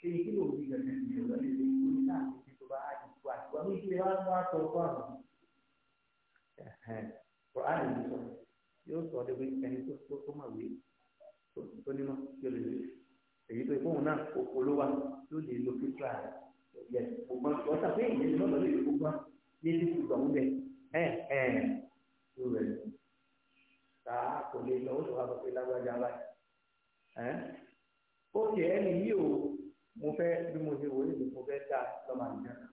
èyí kí ló ń bí gẹ̀gẹ̀ ní ọ̀rọ̀ ní ilé ìwé náà ti tó bá àdìgbò àdìgbò àmì ìdílé wa wá sọ fún àwọn. Quran yìí sọ yóò sọ ọdẹ pé ẹni tó tó tó mà wí tó ní mọ́ yóò lè lè èyí tó ìfowópamọ́ náà kò polówó yóò lè lo fífúra yẹ gbogbo ọ̀sán pé ìdílé náà lọ́dọ̀ ìfowópamọ́ létí tu tọ̀hún bẹ ẹ ẹ Tu rẹ ta kò lè lọ ó sọ wá sọ pé lágbájá báyìí ẹ ó kì ẹni yìí o mo fẹ́ bí mo ṣe wò ó mo fẹ́ dá lọ́mọ àlùjá náà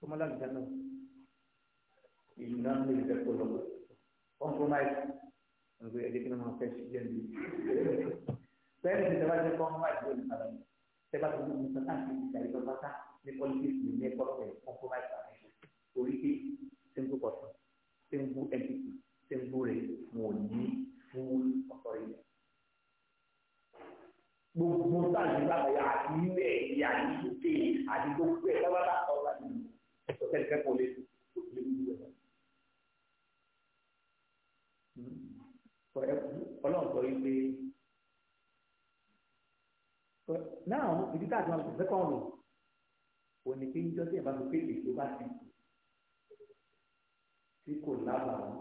lọ́mọ àlùjá náà ìlú lè fẹ́ kó lọ́wọ́ compromise nǹkan ẹ̀dẹ́ kí ló máa fẹ́ ṣiṣẹ́ ní bẹ́ẹ̀ ni ìjọba ṣe compromise lórí ìpàdánù tẹ́ bá ti gbé mi sọ láti ìgbà ìjọba sáà ní politics ní ní ẹ̀kọ́ compromise connection torí pé single person single entity single race wọn ò ní full authority. gbogbo táàgì bàbá yà àti nínú ẹ̀yẹ àti ìdókè àti gbogbo ẹ̀ sábàbà ọ̀rọ̀ àti ẹ̀sọ́ kẹ́kẹ́ kọ́ lé tó lé nínú ẹ̀. ọlọ́run sọ wípé now ìdí táàgì máa ń sọ fẹ́ kọ́ ọ̀run òní pé níjọ́ tí ẹ̀ bá fi pèsè tó bá ti tí kò lábàá òní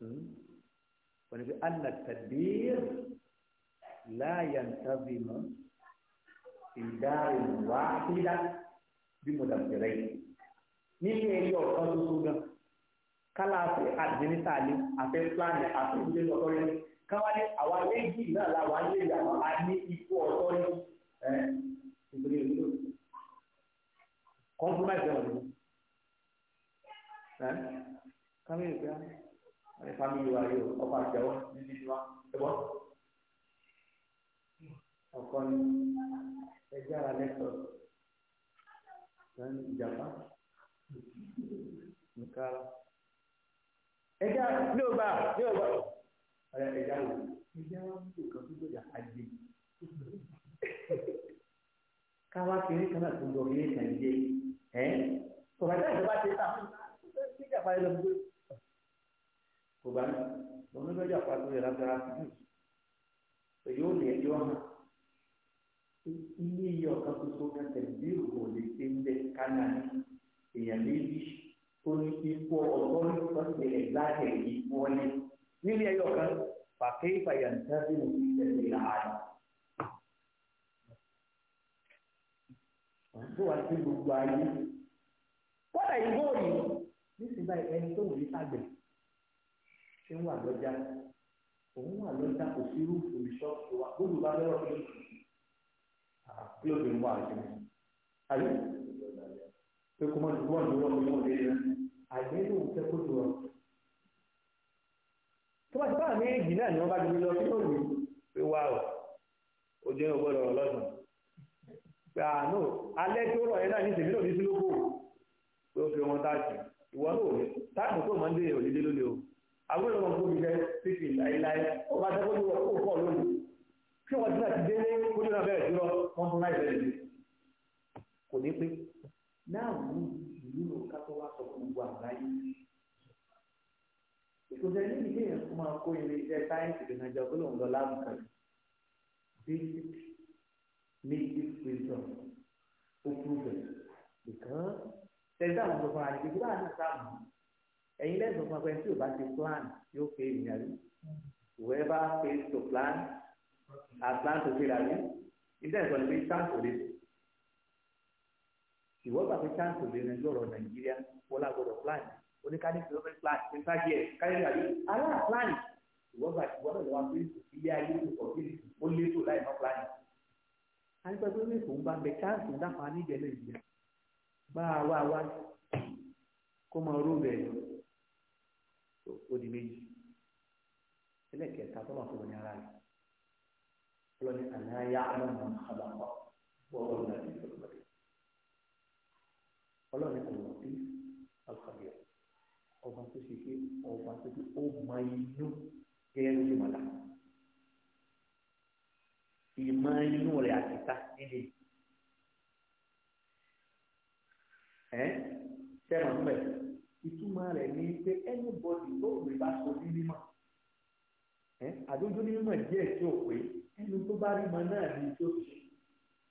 hmm? pé alàtàdéèrè láàyè ntàbí mọ́ ìdáhùn wá síra bí mo dàbẹ̀rẹ̀ yìí nílé ẹyọ ọ̀kan tuntun gan kálá àfẹ́ àdínísàlẹ àfẹ́ fúlàní àfẹ́ ìdílé ọ̀tọ́rí káwálé àwa méjì náà làwọn ayé ìyàwó a ní ikú ọ̀tọ́rí ẹ̀ ìgbéléwé compromise ẹ̀ wọ̀nyí ẹ̀ kámi ìgbà ẹ̀ family wa yóò ọkọ̀ àjẹwọ́ níbi tí wọ́n ẹ bọ́ ọkọ ni ẹ jára lẹ́tọ̀ lẹ́nu ìjàmbá nìkan ẹ jára ní ògbà ní ògbà ẹ jára ẹ jára ní ògbà tó gbọdọ̀ àjẹ ká kiri kan náà tó lọ kiri kan yé ẹ kọ̀ọ̀bá táyà tó bá ti tà kí jàpá yẹn lọ gbé kọ̀ọ̀bá lọ́nà bẹ́ẹ̀ jàpá tó yẹ lágbára sí jù èyí ò lè ẹjọ́ hàn ilé iye ọ̀kan tuntun kan tẹ̀lé bí òkò lè ṣe ń bẹ kánà èèyàn méjì tó ní ipò ọgọ́rùn kan tẹ̀lé láàyè ìmọ̀ọ́lẹ̀ nílé ẹyọ kan pàkẹ́ ìfàyà ń ní ìtẹ̀lé ààrẹ. tó wà sí gbogbo ayé kọ́dà ìgbó rí nísìnyí báyìí ẹni tó wòye sàgbẹ̀ ṣé ń wà lọ́jà òun wà lọ́jà kò sí irú olùṣọ́ tó gbọ́dọ̀ bá lọ́rọ̀ tó ah, kí ló dé mú àjẹ ayé pé kó má wọ́n lé ló A ah, alẹ́ tí ó rọ̀ yẹn náà ní ìsèmí náà O si pé ó fi ọmọ táàkì ìwọ náà táàkì tó o àwọn èèyàn ọmọ mi fẹ́ fífi láéláé ó bá dẹ́kọ́ ní ọkọ̀ pọ̀ lónìí kí wọ́n ti náà ti kó ní wọ́n tún láì bẹ̀rẹ̀ kò ní pé náà ìlú ló ká tó wá sọ gbogbo àgbáyé native wisdom ó prove it because tẹ̀sí àwọn ọ̀dọ́ fúnra rẹ̀ kí wọ́n á ní sáàmù ẹ̀yin fún akẹ́kọ̀ọ́ tí o bá ti plan yóò pé ènìyàn rí whoever pays to plan and plan to pay àrí ilé ẹ̀sọ́ ni pé chance ò lè ìwọ́n gbà pé chance ò lè rìn lọ́rọ̀ nàìjíríà wọ́n lágbọ́dọ̀ plan oníkálí fi lọ́fẹ́ plan ní sáàjì ẹ̀ káyọ̀ àrí aláà plan ìwọ́n gbà ìwọ́n náà lọ́wọ́ pé ilé ayé kò kọ̀ sí ó lé tó láì má plan yìí a ní pẹ́ẹ́pẹ́ wíwé fòun bá bẹ káàsì ń dáfà níjẹ́ lè jẹ́ bá a wá wá kó máa ró bẹ̀ ó di méjì ẹlẹ́kẹ̀ẹ́ta tó máa fọwọ́ ní ara rẹ̀ ọlọ́ni àlàyé àlọ́mọ àbàkọ́ wọ́n náà ní ìfọ̀kọ́dé ọlọ́ni kò wọ́n sí alùpàdé ọba tó ṣe pé ọba tó ṣe ó mọ inú gẹ́gẹ́ ló ṣe ìmọ̀ inú rẹ̀ àtìta nílé ẹ̀ sẹ́wọ̀n mẹ́ ìtumọ̀ rẹ̀ ní pé anybody tó rè bá so ní mímọ̀ ẹ̀ àdójú ní mímọ̀ díẹ̀ tí ò pé ẹni tó bá rí mọ náà ní tó ṣe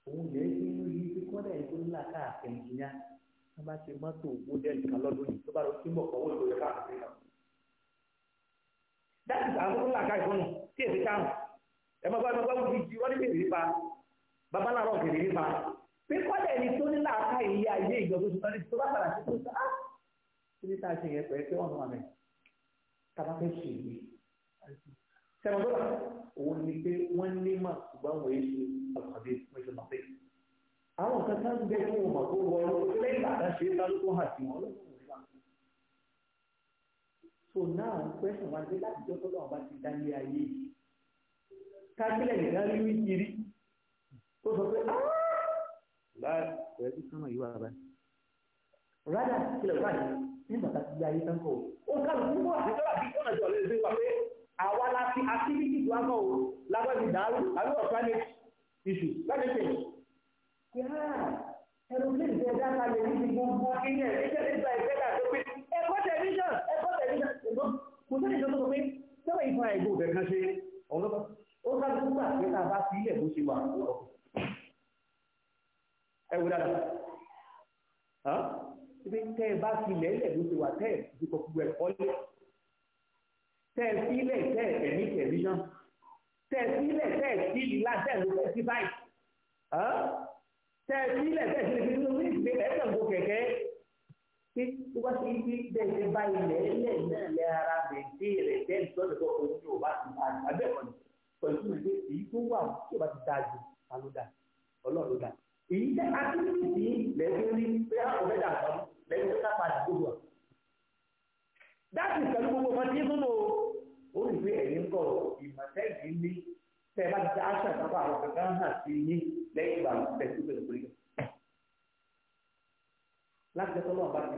òun yẹn ti ń rí pé kọ́dà yìí tó ń là káàkiri ìjìyà tó bá ṣe mọ́tò mọ́dẹ́lì kan lọ́dún yìí tó bá lọ sí mọ̀ ọwọ́ ìlú rẹ̀ káàkiri náà. dáàbò àwọn tó ń là ẹ̀mọ́ bá gbọ́ wù di wọ́n ní bèrè nípa bàbá náà rọ̀ bèrè nípa pé kọ́lẹ̀ ni tó ní láàká ìyá ayé ìjọba tó ní tó bá padà sí tó sá ah! kí ní táà ṣe yẹn pẹ̀lú pé wọ́n mú àmì tàbá fẹ́ ṣe yìí sẹ́wọ̀n tó wà òun ni pé wọ́n ní mọ̀ ṣùgbọ́n wọ́n ṣe ọ̀kadì wọ́n ṣe mọ̀ pé àwọn kan tá ń fún ọmọ tó wọ lẹ́yìn bàtà ṣe so now question wa ni láti jọ́ tó lọ́wọ́ bá ti kákílẹ̀ nìkan rí wí kiri ó sọ pé láì ọ̀rẹ́ tí sọ́mọ yìí wà báyìí rádà kílẹ̀ báyìí ní bàtà ti di ayé tán kọ́ ó kálù púpọ̀ àti tọ́lá bí kọ́nà jọ lè ṣe wà pé àwa la fi akíbíkì tó wákọ̀ o lágbàá ti dàrú àbí ọ̀pá ní iṣu láti ṣe pé ẹnu ní ìṣe ẹ̀dá kalẹ̀ níbi gbogbo ilé ẹ̀ níṣẹ́ nígbà ìṣẹ́ kà tó pé ẹ̀kọ́ tẹ̀lifíṣàn ẹ̀kọ́ tẹ̀lifíṣàn kò sẹ́ni tó tó pé sọ́wọ́ ìfọ̀ àìgbò kẹ̀kẹ́ ṣe ọ̀lọ́pàá ó sáré nígbà pé tá a bá fi ilẹ̀ bó ṣe wà lọ́wọ́ ẹ wò dáadáa pé tẹ́ ẹ bá fi ilẹ̀ ilẹ̀ bó ṣe wà tẹ́ ẹ ti kọ gbogbo ẹ̀kọ́ lẹ̀ tẹ́ ẹ fi ilẹ̀ tẹ́ ẹ tẹ̀mí tẹ́ ẹ fi ilẹ̀ tẹ́ bá ti ní bẹ́ẹ̀ tẹ́ bá pẹ̀lú ìgbé èyí tó wà tí o bá ti dáa jù ta ló dáa ọlọ́run ló dáa èyí tẹ́ lẹ́gbẹ́ rí pé lẹ́gbẹ́ gbogbo dáàbì gbogbo ọmọ tí nínú o rí pé ẹ̀yìn ń kọ̀ ìmọ̀tẹ́ẹ̀dì ní tẹ́ ẹ bá ti aṣọ àtàkọ́ àwọn kankan hàn sí yín lẹ́yìn ìgbà pẹ̀lú láti ẹ̀kọ́ náà bá ti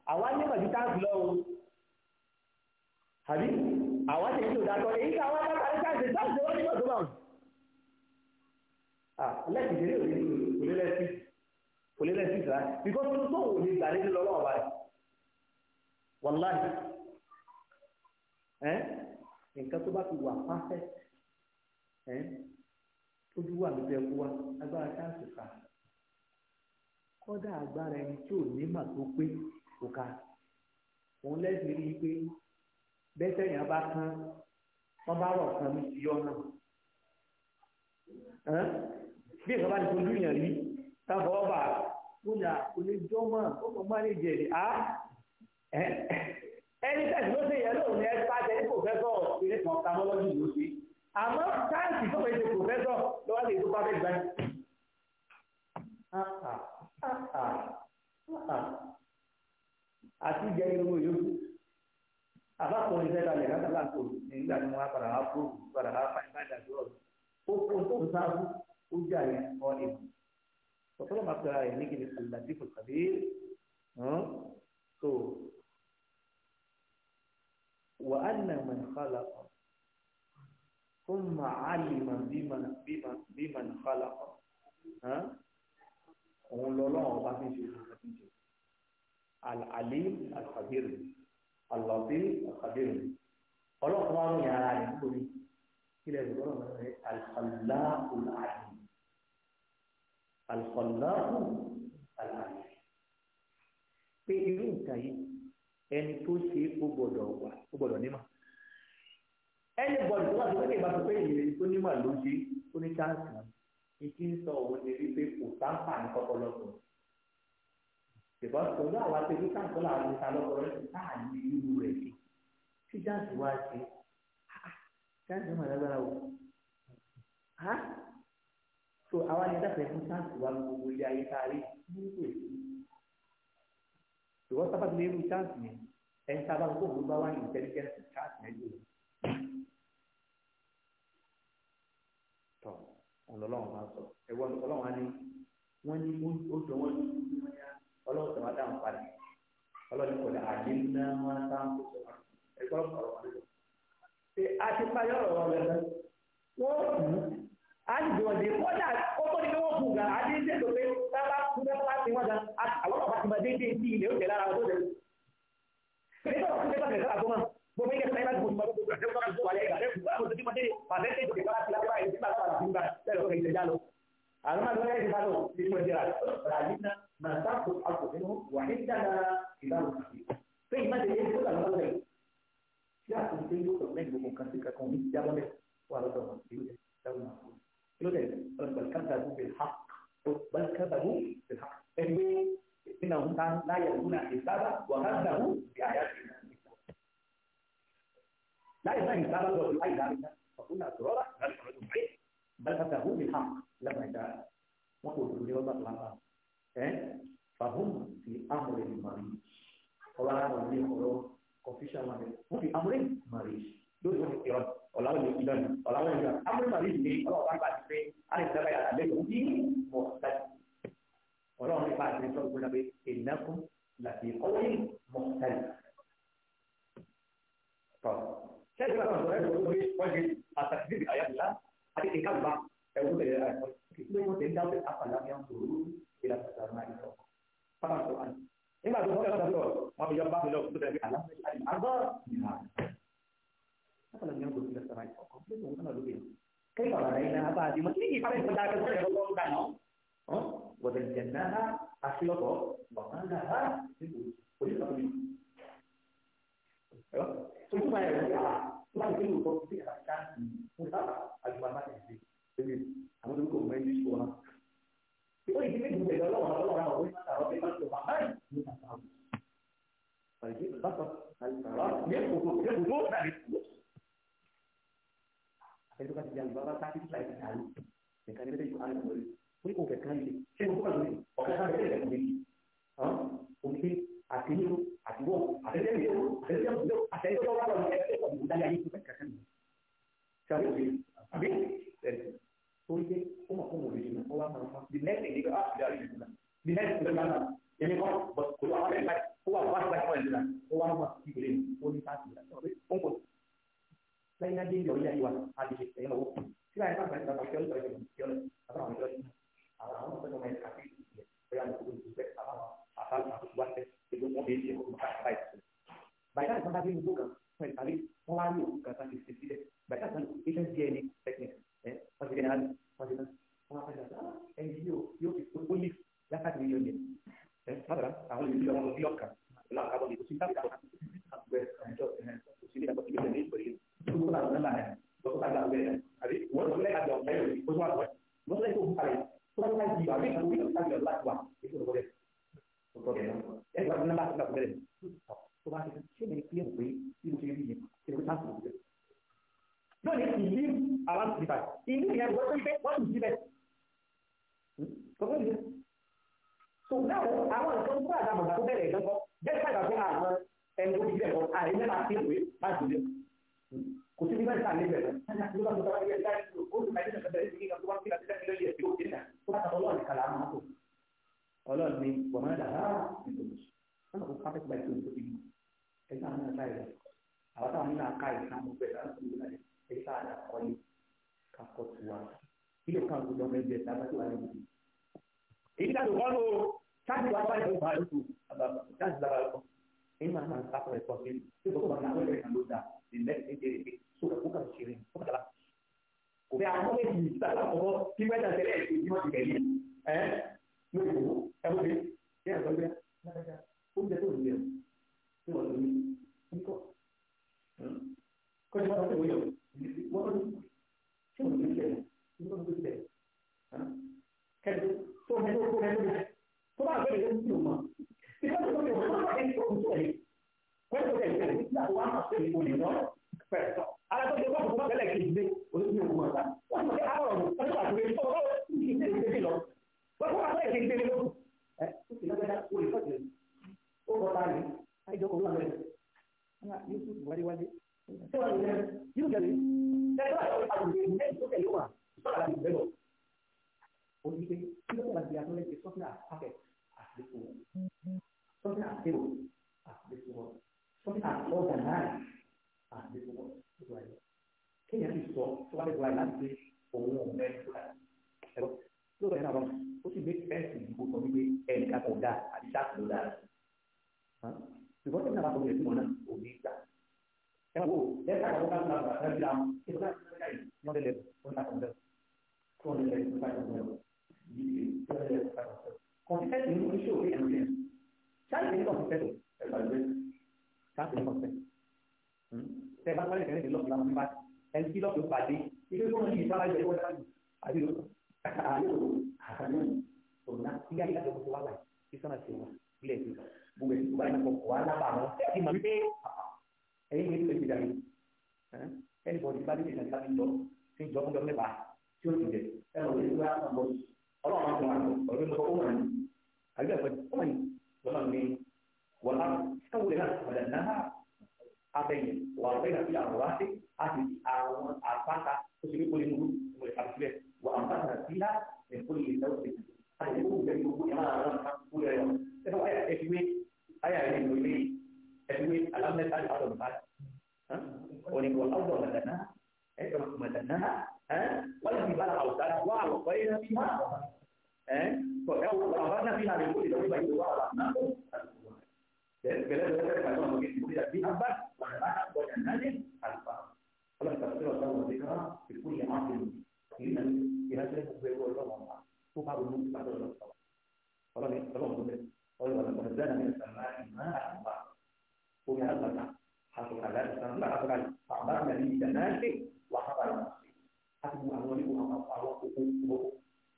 àwa ní mọ̀jú táǹkì lọ́wọ́ àbí àwa ṣe ní òdàtọ̀ èyí ká wá dábàá ní táǹkì táǹkì lọ́wọ́ bá wọn. lẹ́sìn ìdílé òní kò lé lẹ́sìn bíkọ́ tó tó wò ní ìgbàlejò lọ́wọ́ rẹ̀ nǹkan tó bá ti wà pàṣẹ ojú wà wa agbára kà kọ́dà kò ká òun lẹ́sìn rí i pé bẹ́sẹ̀ yẹn bá kán wọ́n bá rọ̀ kan mi ti yọ náà bí ìjọba ti fojú yàn rí tábọ̀ ọba kúnyà oníjọ́mọ̀ ọmọ mánéjì á ẹni tẹ̀sí ló ṣe yẹn lóòrùn ẹ bá tẹ̀lé pòfẹ́sọ̀ ilé kan tamọ́lọ́jì ló ṣe àmọ́ táǹtì tó fẹ́ ṣe pòfẹ́sọ̀ lọ́wọ́ lè tó bá fẹ́ àti ìjẹni owó yòókù àbákùnrin iṣẹ́ kalẹ̀ látàlá kò nígbà tí wọ́n padà wá fún padà wá fún ìbáda tó rọ̀ ó kó tó ń sáfù ó jà yẹn kọ́ ni ọ̀tọ́lọ́ máa pẹ́ra rẹ̀ nígbìdì àlàdé kò tàbí so wà á nà mọ̀n kálá kan fún màá lè mọ̀ bí mọ̀n kálá kan òun lọ́lọ́run ọba fi ṣe ìṣòro àti ìṣòro al-alim al-khabir al-latif al-khabir ọlọ́run wa ròyìn ara rẹ̀ nítorí kílẹ̀ ìlú ọlọ́run rẹ̀ al-khallaqu al-alim al-khallaqu al-alim pé irú nǹkan yìí ẹni tó ṣe ó gbọ́dọ̀ wà ó gbọ́dọ̀ nímọ̀ ẹni bọ̀dù tó wà tó kéde ìbáṣọ pé ìrìn tó nímọ̀ ló ṣe ó ní ṣáàṣì ní kí n sọ òun ní wípé kò sáǹfà ní kọ́kọ́ lọ́sọ̀ọ́ ṣùgbọ́n pẹ̀lú àwọn àtẹ̀wé sáǹkọ́ làwọn ìta lọ́kọ̀ọ́ rẹ̀ táà ní irú rẹ̀ ṣe tí jáǹsì wá ṣe jáǹsì mọ̀ lágbára o ha so àwa ni dáfẹ́ fún jáǹsì wá gbogbo ilé ayé tá a rí ní ìwé ṣùgbọ́n sábà ní irú jáǹsì yẹn ẹni tá a bá ń kó òun bá wá ní intelligence jáǹsì yẹn jù tọ ọlọ́run máa sọ ẹ̀wọ́n ọlọ́run á ní wọ́n ní ó jọ wọ́n ní ọlọ́run tẹ̀wá dáhùn padà ọlọ́run kò lè àdé ná wọn sáńkó tó wà ẹgbẹ́ ọ̀rọ̀ wọn lọ. ṣe àtìpáyọ̀ ọ̀rọ̀ wọn lẹ́sẹ̀ wọ́n kù á sì bí wọ́n dé kódà ó tó ní pé wọ́n kù gà á dé dé lópe tábà kú bẹ́ẹ̀ bá ti wọ́n gan àwọn ọ̀pá ti máa dédé sí ilé òkè lára wọn tó dẹ̀. nígbà wọn kúndé pàṣẹ sábà gbọ́mọ gbogbo ilé sáyẹn láti gbòmọ gbogbo àti ọ̀pá أما الولاية هذا في الوزيرات رأينا ما تأخذ الأرض منهم وعندنا كتاب الخفيف في ما تجد كل المغرب لا تنتهي تنتهي بكم كان فيك كومي جابنا وهذا طبعا يوجد دولة يوجد بل كذبوا بالحق بل كذبوا بالحق إنهم كانوا لا يرجون حسابا وكذبوا بآياتنا لا يرجون حسابا وبالآيات فقلنا سرارة بل كذبوا بالحق lágbàdá wọn kò dúró ní ọgbà pàápàá ẹ fàhùn fi amúlẹ̀ màrí ọba àwọn ilé ọ̀rọ̀ kọfíṣà màrí wọn fi amúlẹ̀ màrí lórí wọn fi ọ̀rọ̀ ọ̀làwọ̀ ilé ìlànà ọ̀làwọ̀ ilé ìlànà amúlẹ̀ màrí ni ọlọ́wọ́ bá ń bá ti pé alẹ́ ìjọba yà lálẹ́ òun bí mọ̀ láti ọlọ́run nípa àti ìjọba ìgbóná pé ìnákùn láti ọwọ́ yìí mọ̀ láti. Tọ́ sẹ́yìn bá wọn sọ̀rọ̀ ẹ̀ ẹ̀wọ́n kita ra ẹ̀kọ́ ìpínlẹ̀ wọn tẹ̀lé dáwọ́ àfàlàfíà ń sòrò ìlà pàtàkì náà kita pápá tó wà ní. nígbà kita wọ́n kẹ́kọ̀ọ́ sọ wọn fi yọ bá mi lọ tó tẹ̀lé àlàáfíà àgbọ̀ Kita àfàlàfíà ń sòrò ìlà pàtàkì náà ìtọ́ kọ́ńpìlẹ̀ wọn náà lóye. كيف رأينا بعد ما تيجي على البلاد كلها والله دعنا وزيناها أخلاقه وقالها وجدت من ايوه ثم ما يقول ما يقول فيها كان ولا أجمل ما يجري àwọn tó ń kó mọ ẹni sọ wa. ìwọ ìdílé ìlú ẹ̀dọ́ ọlọ́wọ́ ọlọ́wọ́ àwọn ọmọ ìgbà ọ̀bẹ máa ń sọ wà báyìí ní bàbá wọn. àìsí bàbá àìsàrà ní kòkó ní kòkó náà ní kòkó. àfẹ́tọ́ ká ti di àlùbá bá káàkiri láì ní àlù nìkan ní bẹ́ẹ̀ yóò àlù wọlé orí kò kẹ̀kẹ́ ilé ṣé mo kọ́ àlù yìí ọ̀kẹ́ ká bẹ̀rẹ̀ lẹ́kùn yìí. òkè àtẹnudọ àtúwọ̀ àtẹnudọ àtẹnudọ àtẹnudọ ẹ̀rí tó ń jẹ́ ó mọ̀ fún òun lè nà ó wá máa fún un the next thing ni pé ah ìdarí ìlú náà the next thing ló náà èmi apa yang baik, ló àwọn ẹ̀ka ó wà wá sípàdé fún ẹ̀dínlá ó wá wá sí ìgbèrè mi ó ní káàkiri ìlà ó ń kọ́ lẹ́yìn náà dé ìyọ̀ ilé ayé wa a lè ṣe ẹ̀yìn lọ́wọ́ sí láyé bá bàtà bàtà yọ̀ọ́ ìtọ́jú yọ̀ọ́ àbáwọn ọ̀dọ́ àwọn àwọn ọ̀dọ́ ọmọ ẹ̀ka sí ìyẹ̀ bóyá mo kúrò nígbẹ́ àbáwọn àbáwọn àbúgbà tẹ̀ èdè wọn èyí ṣe ọkùnrin báyìí bàtà ìtàn bá dé ní gbọ̀ngàn fún ẹ̀ka rí wọn wá ní òkú kàtà ní ìṣesílẹ̀ bàtà ìtàn ìṣẹ́ eh pasti kena ada pasti kan apa yang kata NGO yuk itu lift zakat million dia eh mana kan kalau itu yang mau diok kan lah kalau itu cinta kita sampai untuk sini dapat tiga jenis beri itu kan lah ya itu kan lah ya jadi buat boleh ada yang saya itu buat buat boleh itu kali bukan lagi tapi kalau itu kali lah buat itu boleh untuk dia eh buat nambah nambah boleh Tuhan itu sih yang dia beri itu sih dia kita tahu lónìí ìlú around sixty five ìlú yẹn wọ́n tó ń pẹ́ wọ́n tó ń síbẹ̀. so now àwọn nǹkan tó àdàmọ̀ gbà tó bẹ̀rẹ̀ ìdánwò jẹ́ sábà fún àwọn ẹni tó ti bẹ̀rẹ̀ wọn àrẹ mẹ́ta sí ìwé láti ìlú kò sí nígbà tí a lè bẹ̀rẹ̀ ló bá tó bá bẹ̀rẹ̀ láti ìlú ó sì máa ń bẹ̀rẹ̀ sí ìgbà tó bá ń bẹ̀rẹ̀ sí ìlú yẹn tó ti nà tó bá tàbí ọlọ́ọ̀ni kàlà àmọ́ tó ọlọ́ọ̀ni ni wọ́n máa dà á ìtòkùsù kita ada koi kapot tua itu kan sudah menjadi tanda tuan ini ini kan kalau kan dua kali itu baru itu kan sudah baru ini mana apa responsi itu bukan nak boleh dengan luda di next ini sudah bukan siring bukan lah Kau yang mau ni kita lah kau tiba dah selesai tiba di kiri eh nunggu kamu ni ya kau dia pun dia tu dia tu orang ni ini kok kau cuma tak boleh wọ́n ṣé wọ́n ti tẹ̀ ṣé wọ́n ti tẹ̀ kẹ́lẹ́ tó ṣé wàá nìyẹn yóò jẹ́ mi ẹgbẹ́ àti àgbègbè ìgbẹ́ tó tẹ̀lé wà sọ́dà láti ìgbẹ́ lọ. ó ní pé kí ló tẹ̀lé àti àtọ́lẹ̀ ṣe sọ́fìnà àpapẹ̀ àtìlẹ́kùn wọn sọ́fìnà àtẹ̀wò àtìlẹ́kùn wọn sọ́fìnà àtọ́jà náà àtìlẹ́kùn wọn tó wà yẹn. kéèyàn ti sọ tó wà lẹ́gbẹ̀ẹ́ láti pé òun ò mẹ́ Ewu, dia tak bukan dalam bahasa bilang itu kan terkait model kontak model. Kontak kontak model. Jadi kontak kontak model. Kontak ini isu yang lain. Saya ini kontak itu. Saya ini kontak. Saya ni, hmm? balik ni, lok dalam tempat. Dan kilo tu padi. Itu pun masih salah jadi kontak. Aduh. Aduh. Aduh. Tuna tiga kita dua puluh lagi. Di sana sih. Boleh. Bukan banyak kuala bangun. Saya di mana? ẹ̀yin ní ìpèsè dàrú ẹni bọ̀ ní bàbá ìgbà tí wọ́n ti jọ fún dọ́kítà tí ó ti jẹ ẹ̀rọ ìlú àgbọ̀ ọlọ́run àti wọn ọ̀rọ̀ ìlú ọkọ̀ wọn àbí ẹ̀fọ́ wọn lọ́nà mi wọ́n á sẹ́wọ́n náà ọ̀dà náà abẹ́yìn wà bẹ́ẹ̀ náà fi àwọn wá sí àti àwọn àpáta tó ti rí poli nínú ìmọ̀ ìfàbílẹ̀ wà àpáta sí lá ẹ̀fọ́ yìí lọ́wọ́ sí àti ẹ̀fọ́ duit alam dan tadi atau empat. Oni wa Allah madana, eh kama madana, eh wala di bala awtara wa wa qaina biha. Eh to ya wa qaina biha bi kulli dawla bi wa na. Dan bila kita kata kalau mungkin tidak dihambat, maka bukan nanti alfa. Kalau kita sudah tahu mereka di kulli amal ini nanti kita sudah berbuat Allah. Bukan bukan pada Allah. Kalau ni kalau mungkin kalau kita berjalan dengan sama, maka ويعلمنا حسب على الإسلام لا أبغى فأمرنا للناس وحب على نفسه حسب أموالي وحب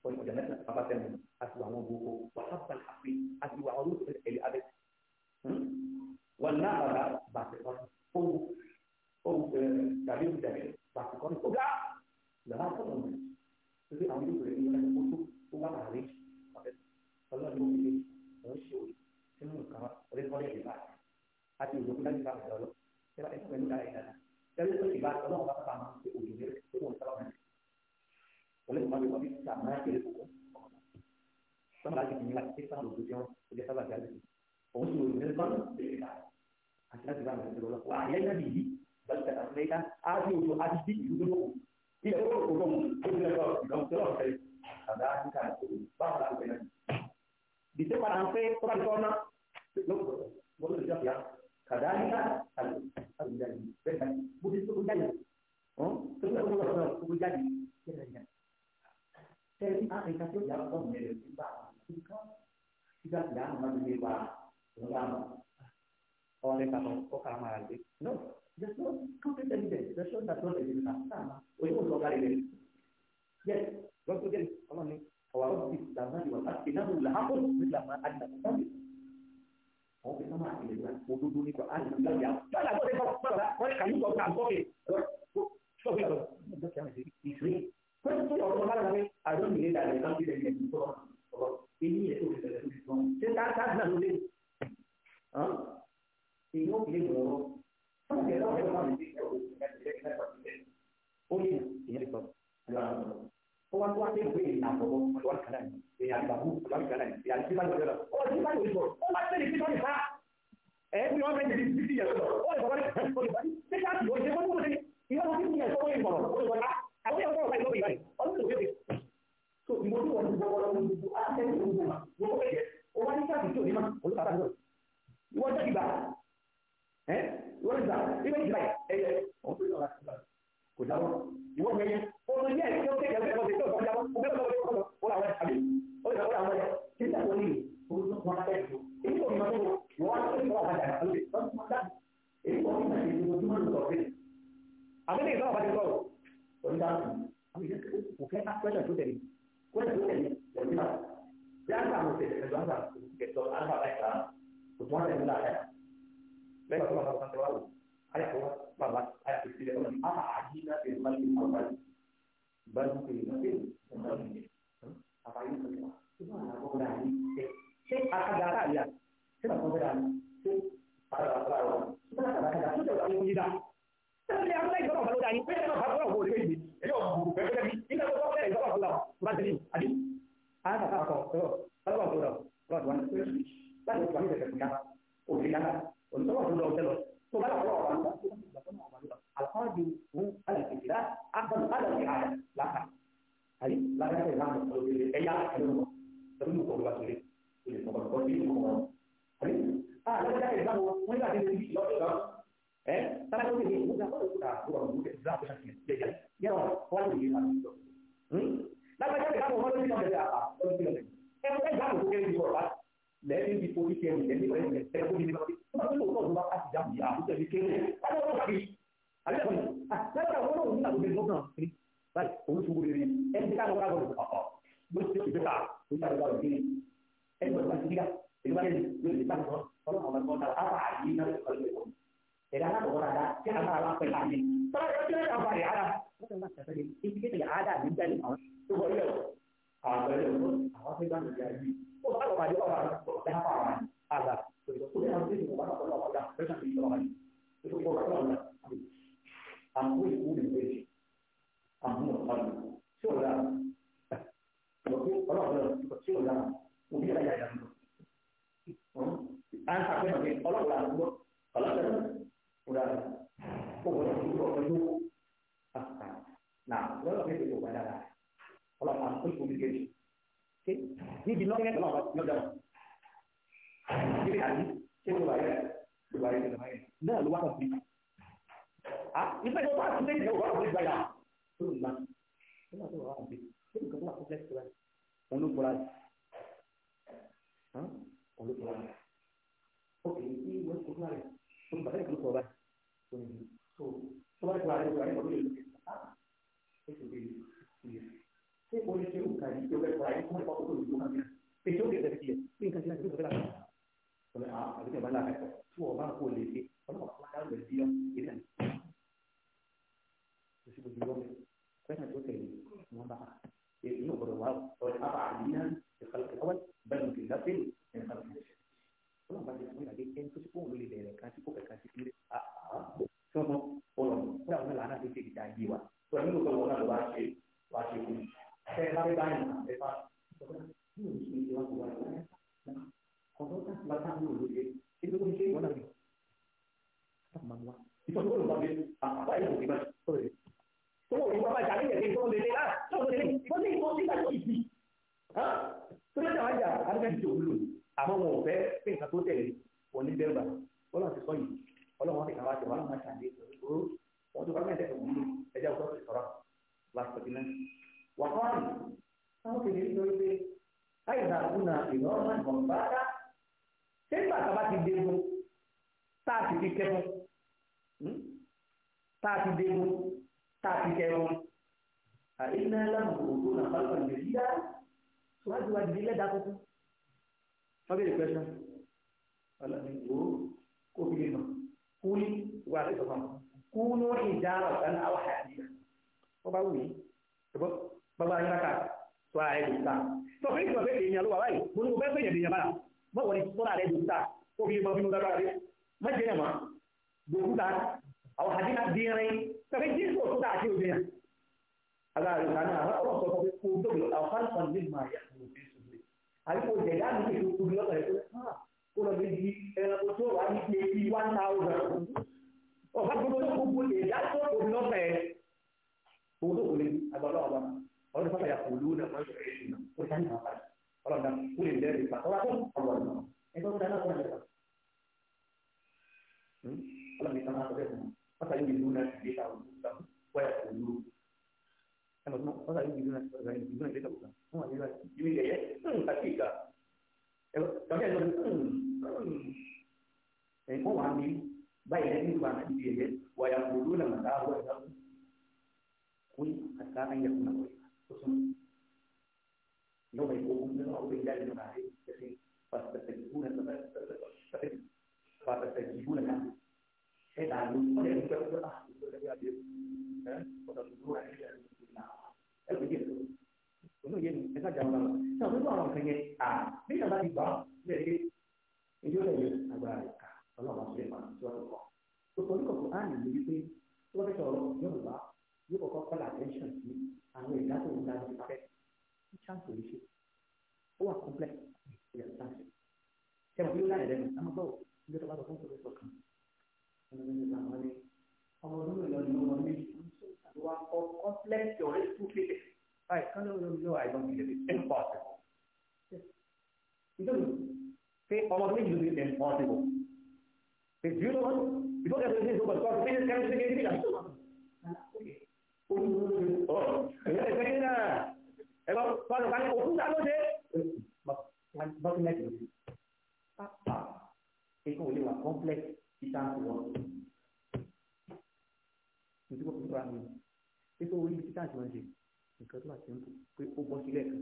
والمجنات فقط حسب عمره وحب الحق حسب عروض الأبد والنعمة بعد الوقت أو أو دليل دليل بعد الوقت لا لا تقوم تبي أمري بريء من الوقت وما عليك الله يوفقك ويشوي سنو كما رزقنا الله àti òjò fún dájúbà ọ̀dọ́ lọ ṣẹlá ẹ̀sìn pẹ̀lú dára ìdára ṣẹlẹ̀ tó ìbá ọlọ́run bá bá ti òjò lé tó wọ́n sábà mẹ́rin òlẹ́ ìmọ̀ mi kọ́bí ta máa kéré kókó sọ́nà láti fi níwájú pé sáwọn òjò tí wọ́n ti jẹ́ sábà jáde òun sì òjò lé bọ́ọ̀lù bẹ́ẹ̀ bá àti láti bá àwọn òjò lọ wà á yẹ náà nìyí bẹ́ẹ̀ tẹ̀lé àti lẹ́yìn á ti òjò á ti bí ìlú tó ilé owó òkúrò mu tó ń lọ ìdánwò tó lọ fẹ́ àgbà áfíríkà báwo la ń pè náà. bìtẹ́ padà ń pé tó bá ti tọ́ ná lókùrọ̀ mo ló lè jọ fìyà kadalika al-jadi benar budi suku jadi oh tapi aku nggak pernah suku jadi jadinya saya ini ah kita tuh yang kau milih kita kita kita yang memilih bah lama oleh kamu kok kamu lagi no just no kau kita ini just no satu lagi kita sama untuk untuk kali ini yes waktu jadi kalau nih kalau di sana di waktu kita belum lahapun belum ada Kau kita mah ini kan, bodoh dulu kok ada yang ya. Kalau kau dapat salah, kau kayu kau kan kau. Kau itu. Itu yang di istri. Kau itu orang malah kami ada ni dah ada kan tidak ini tu. Ini itu kita itu. Kita tak nak dulu. Ha? Ini dia dulu. Kau dia dah orang ni dia kita kita. Oh ini, ini tu. Kawan-kawan dia beri nama kawan-kawan èèyàn àgbàbù láti gánà yìí èèyàn tí bá yọ lọ ọ tí bá yọ lọ ọ bá tẹ̀lé tí wọ́n lè fa ẹ bí wọ́n fẹ́ tẹ̀lé títí yẹn lọ ọ lè bọ́ bọ́lẹ̀ ọ lè bá tí ká lọ ṣe fún mi ìyá wọn títí yẹn sọ wọ́n ìmọ̀ràn ó lè bọ́ àwọn yẹn wọ́n bá ìlọ́bì yẹn ọdún tó yẹ so ìmọ̀ tí wọ́n ti bọ́ bọ́lẹ̀ Kò dáwọ́. Ìwọ́n fẹ́ yẹn. Ó lọ yẹ ẹ̀ṣẹ́ ó kẹ́kẹ́ ọ̀sẹ̀ ọ̀sẹ̀ tó ọ̀sẹ̀ jáwọ́. Ó bẹ́ẹ̀ lọ́wọ́ ó làwọn ẹ̀ṣẹ́ àbí ó yọ ọ́ àwọn ẹ̀ títà tó ní orúkọ wọn lábẹ́ ìlú èyí kò mọ tó wọn á tó wọn àdàgbà lórí lọ́sùn wọn dáàbò èyí kò ní ìgbà tó tó máa ń lọ sí. àbúrò ìgbà wọn bá ti kọ́ ọ̀ òun dáàbò àwọn ìṣe kò fẹ́ pẹ́lẹ̀ tó tẹ̀lé pẹ́lẹ̀ tó tẹ̀lé lọ́sùn náà bí a ń sàmù tẹ̀lé pẹ̀lú àǹsà kẹtọ́ àǹsà láì sàn kò tó wọn tẹ̀lé láàyè lẹ́yìn tó wọn bá àfààní ìsọ̀tọ̀ tí wọ́n àwọn ọ̀gá yìí tẹ̀ ṣé akága akáàlì à ṣé bàbá ọ̀gá yìí ṣé bàbá bàbá wa ṣé bàbá bàbá kàdà ṣé bàbá yìí dá ṣé bàbá yìí dọ́rọ̀ balódà yìí pé ẹ̀rọ bàbá wà wọ́n ò wọn ò fẹ́ pé nǹkan tó tẹ̀lé òní dẹ́gbà ọlọ́run ti sọ yìí ọlọ́run wọn ti kàwá jẹ wọn máa ṣàlẹ́ ìṣòro wọn tó bá mẹ́rin tẹ̀sán wúlò ẹja ọ̀tọ̀ ti sọ̀rọ̀ lásìkò tí náà wà á rìn táwọn kejì ń sọ pé láì dà kúnà ìrọ̀rùn ìgbọ̀nbára ṣé ń bàtà bá ti dé fún tá a ti fi kẹ́ fún hmm? tá a ti dé tá a ti kẹ́ fún àìní lánàá òkú náà bá lọ́ọ̀ segini ini nggak bisa. Oh, ya segini lah. Emang kalau kalian utuh tak lo deh. Bak lagi. Apa? Itu lima kompleks kita semua. Itu kok itu Itu kita cuma sih. Itu cuma sih. Kau bos sih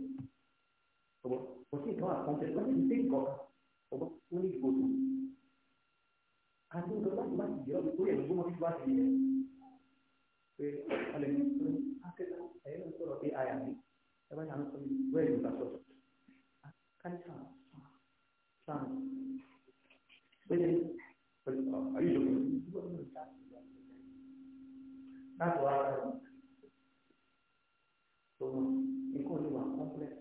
tó bá ti jẹ́ ọ̀dọ̀ tó yẹ ló gbọ́mọ fífi wá sí ilẹ̀ pé alẹ́ ní akẹ́kẹ́ ẹ̀yẹ́ ló sọ̀rọ̀ pé àyà mi ẹ bá yàrá sọ mi wẹ́ẹ̀ ló bá sọ̀rọ̀ kánísà sàn pé ayélujára láti wá rẹ̀ tó mọ̀ nǹkan olùwà complex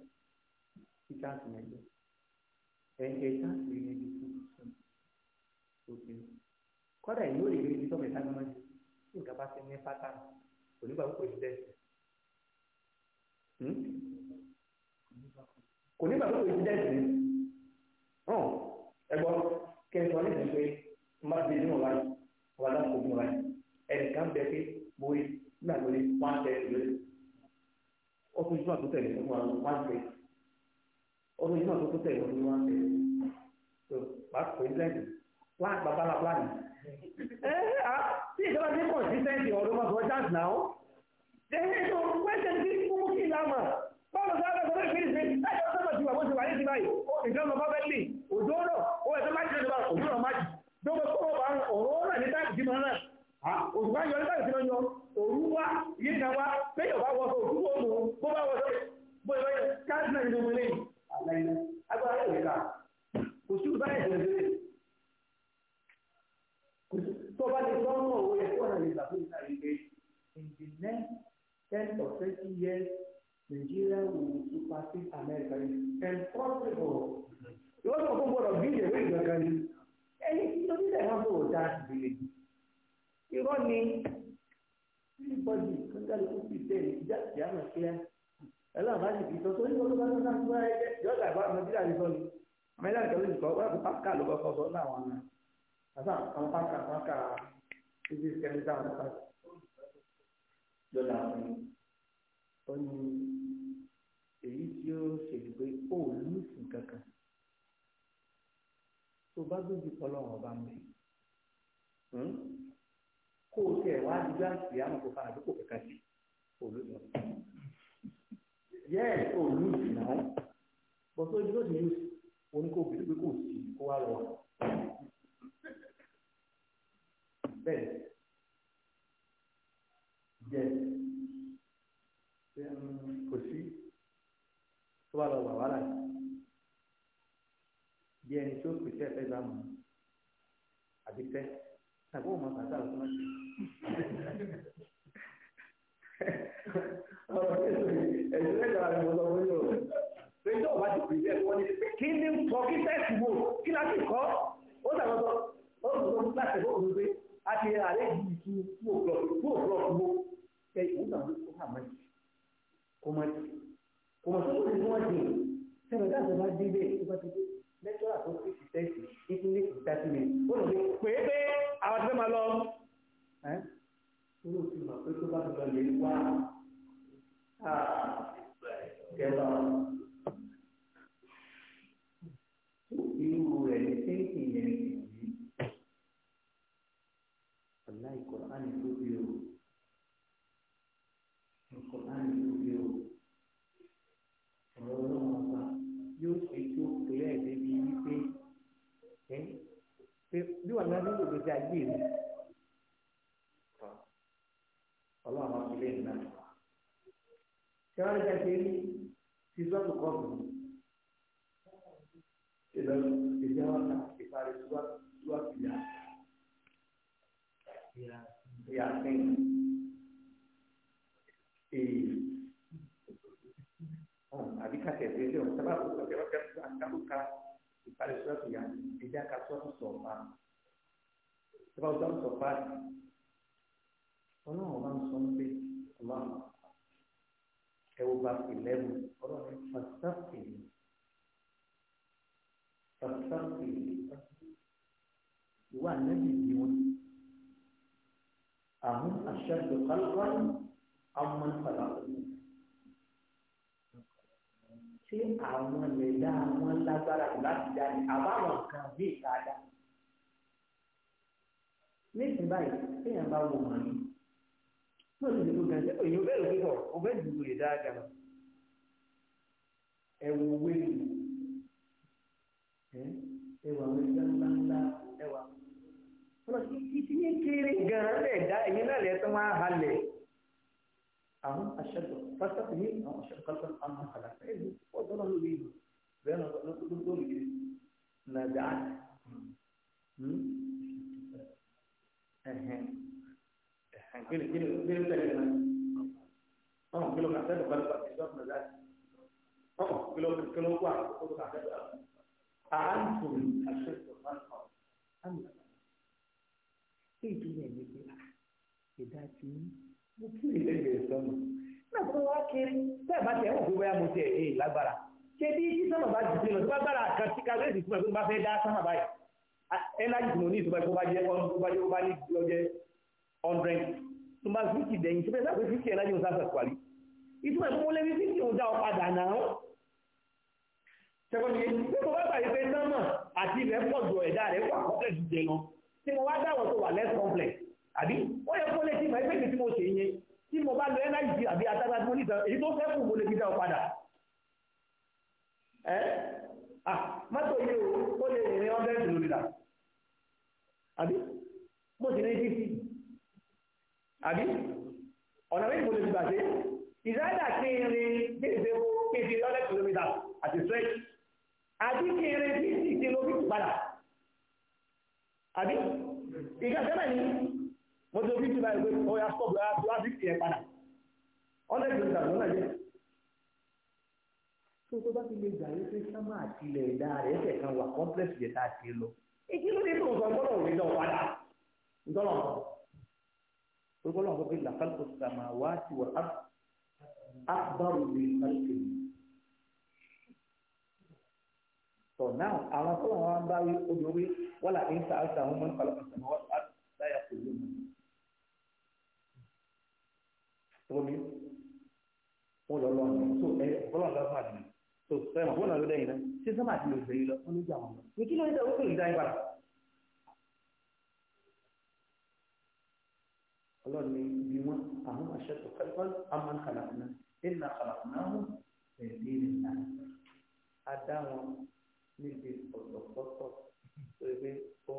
kọ́dà yìí ó lè rí ibi tọ́mọ ìtajà mọ́jú tí nǹkan bá ti ní pátánù kò nígbà púpọ̀ sí dẹ́sì hmm? kò nígbà púpọ̀ sí dẹ́sì hàn ẹgbọ́ kẹsàn án nìkan pé má ti nínú wa wà láti ogun wa ẹnìkan bẹ pé mo rí nígbà tó ní one thirty lórí ọtún ìjọba tó tẹ̀lé fún wa one thirty ọdún ìjọba tó tẹ̀lé fún wa one thirty pàápàá ìjọba tó tẹ̀lé fún wa babalá Eh, ah, tí ìjọba ní kọ̀ǹsítẹ́ǹtì ọ̀rọ̀ máa fọwọ́ jáàsì náà ẹ̀hẹ́ tó wẹ́sẹ̀ tí kúkú kí lámà báwo sọ ọ́dọ̀ sọ́dọ̀ ìpínlẹ̀ ṣe ẹ̀jọ́ sọ́dọ̀ ti wà bó ṣe wà ní ti báyìí ìjọ lọ bábẹ́ lè òjò rọ̀ ó ẹ̀fẹ́ má jẹ́ òjò rọ̀ má jì dókò tó wọ́n bá ń ọ̀rọ̀ rẹ̀ ní táàkì tí mo rẹ̀ òjò bá yọ ní táàkì tí mo yọ òru wá yé na wá péye bá wọ sọ òru wọ mọ bó bá wọ sọ bó yọ káàdì náà ní mo lè agbára yóò ká tó bá lè tọ́ mọ̀ owó ẹ̀kọ́ náà lè gbà fún ìta yìí pé in the next ten to twenty years Nigeria will supersede America and possible yóò sọ fún gbọdọ̀ bí ìdèwé ìgbàkan ni ẹni tí ó nílẹ̀ wọn bò dá ìdílé irọ́ ni everybody kankan ló ti bẹ̀ ìjà ìjà náà kíá ẹlọ́run bá sì fi sọ sórí ìwọ́n tó bá tán sáà tó bá jọ́ọ̀dà ìbámu nàìjíríà ní sọ́ni amẹ́ríkà ló ti kọ́ wọ́n kò pàṣẹ ló kọ́kọ́ sọ náà àbá àwọn pákà pákà ibi ìkẹrìndà àwọn pákà. lọ́la ó ní èyí tí ó ṣèlú pé ó lùsùn kankan tó bá dójú kọ lọ́wọ́ ọba mi kó o tẹ̀ wá dídá sí àwọn kò fa àdúgbò kankan sí olùsùn yẹ olùsùn náà bọ́sọ́ ojú ló ti yùsùn oníkó bìrìbì kò sí kó wá lọ wà bẹ́ẹ̀ jẹ kò sí tó bá lọ wà wàhálà bí ẹni tó pèsè ẹ̀fẹ́ gbà mọ́ àbí tẹ́ tàbí òun máa bàtà lọ́sọ́mọ́ sí ọ̀rọ̀ ẹ̀sùn ẹ̀sùn ẹ̀sùn ẹ̀sùn ọ̀rọ̀ ẹ̀sùn ẹ̀sùn ọ̀rọ̀ ẹ̀sùn ọ̀rọ̀ ẹ̀sùn ọ̀rọ̀ ẹ̀sùn ọ̀rọ̀ ẹ̀sùn parí sọ́ọ̀tù yá ẹja ká sọ́ọ̀tù sọ̀fà tí wọ́n sọ́ọ̀tù sọ̀fà ọlọ́run máa ń sọ pé ọlọ́run ẹ wo bá fi lẹ́nu ọlọ́run fàṣàfì fàṣàfì ìwà nẹ́bì ni ṣé àwọn ẹ̀dá wọn lágbára láti dá àbáwọn nǹkan bí ìta nísìnyí báyìí téèyàn bá wọ màálù náà ló ti onye gan-an sẹ́kọ̀ọ́ èèyàn bẹ́ẹ̀ lóko lè dáadáa lọ. ńlá ńlá kéré gan-an náà halẹ̀. أهم أشد فسق هي أهم أشد قلبا أم من خلق فإذن وضل نبيه بين نقول دول جديد نازعات أهم كيلو كيلو كيلو كيلو كيلو كيلو كيلو كيلو كيلو كيلو كيلو كيلو كل كل واحد كل كعداد أعنتم أشد خلقا أم لا إيه تبين لك إذا تبين mo kí ilé ìrẹ̀ sọ́nà náà tó wá kiri bẹ́ẹ̀ bá tiẹ̀ wọ́n fi wáyà mo tiẹ̀ ẹ̀ lágbára ṣé bí kí sọ́nà bá jù sí lọ tó bára kan sí ká lóye ìtumọ̀ ìgbà fẹ́ dá sọ́nà báyìí ẹnájì tí mo ní ìtumọ̀ ìgbà bá jẹ́ ọ̀nà bá ní ọjẹ́ ọ̀ndrẹ́n tó bá fíìkì dẹ̀yìn tó bẹ́ẹ̀ sáfẹ́ fíìkì ẹnájì mo sáfẹ́ kwali ìtumọ̀ ìmúlẹ̀ bí fíìkì mo dá ọ padà náà ṣẹ́kọ̀ọ́ ni pé mo bá gbà yìí pé sọ́nà àti ilẹ̀ pọ̀ ju ẹ̀dá rẹ̀ wà kọ́pẹ̀lẹ̀ jù jẹ lọ tí mo wá dáwọ̀ tó wà less complex àbí ó yẹ kó lè ti mọ̀ ẹgbẹ́ mi tí mo ṣe yẹn tí mo bá lọ nig àbí atágbá tí mo ní ìtàn èyí tó fẹ́ kù mo lè fi dá ọ padà ẹ à mọ́tò yìí o ó lè rìn ọ́ndẹ́ ìlú rírà àbí mo sì ní fífi àbí ọ̀nà méjì mo lè fi gbàgbé ìdájà kí n rin bí ìdẹ́wò kí n fi ọ́ndẹ́ kìlómítà àti stretch àbí kí n rin fífi kìlómítà padà àbí ìgbà sẹ́mẹ̀ mo ti fi ti báyìí pé ó yà sọ́ọ̀bù rárá tí wọ́n fi tiẹ̀ padà ọ̀lẹ́ ìgbésẹ̀ àgbọ̀n náà yẹ. tó tó bá ti lè gbà yí pé sámà àti ilẹ̀ ẹ̀dá rẹ̀ ẹ̀sẹ̀ kan wà kọ́ńpẹ́sì yẹn tá a ti lọ. ìdí ló dé tó nǹkan gbọ́dọ̀ rí lọ padà ńdọ́lọ̀ gbọ́dọ̀ gbọ́dọ̀ làkàlùkù sàmà wá ti wọ akbaru bi kàlùkù. tọ̀ náà àwọn tó wọn bá wí obìnrin wọ́n là ń sa omi ó lọ lọ àná so ẹ ọlọ́run lọ fún àdìmọ so ẹ mọ fóònù ọlọdẹ yìí náà ṣé sábà ti lè yìí lọ wọn ló jẹ àwọn ọmọ ní kí ló ń dẹ ó sì lè padà. ọlọ́run ní bí wọn àwọn aṣẹ tó kẹfọn àmọ́ kàlàkùnà ẹnà kàlàkùnà ọhún ẹbí rẹ náà á wọn níbi ọ̀tọ̀ọ̀tọ̀ tó yẹ pé ó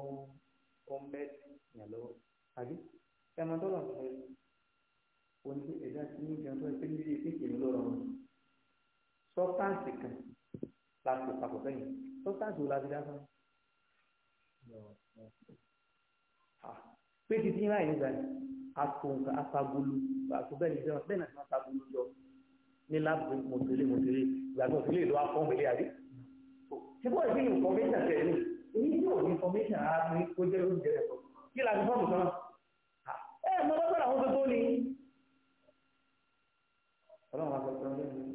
ń lọ́wọ́ àbí ẹ oní pé ẹ̀dá ti ní ìjẹun tó ń pè ní ilé ìpínlẹ̀ ìlú lọ́rọ̀ wọn sọ́táǹsì kan la kò papọ̀ sẹ́yìn sọ́táǹsì wo la fi dá fún ah, pé ti dín láì nígbà àtòǹkà àtàgolo àtòbẹ́ni jẹun bẹ́ẹ̀ náà ti máa tàgolo jọ ní láàbù mọ̀tòlé mọ̀tòlé ìgbàgbọ́ òtòlé ìlú afọ́nbẹ̀lẹ̀ àbí ṣé bọ́ọ̀ ìdí information èyí tí ní information á kó jẹ́ lóúnjẹ rẹ̀ kí la fọ́ọ̀mù sọ́nà.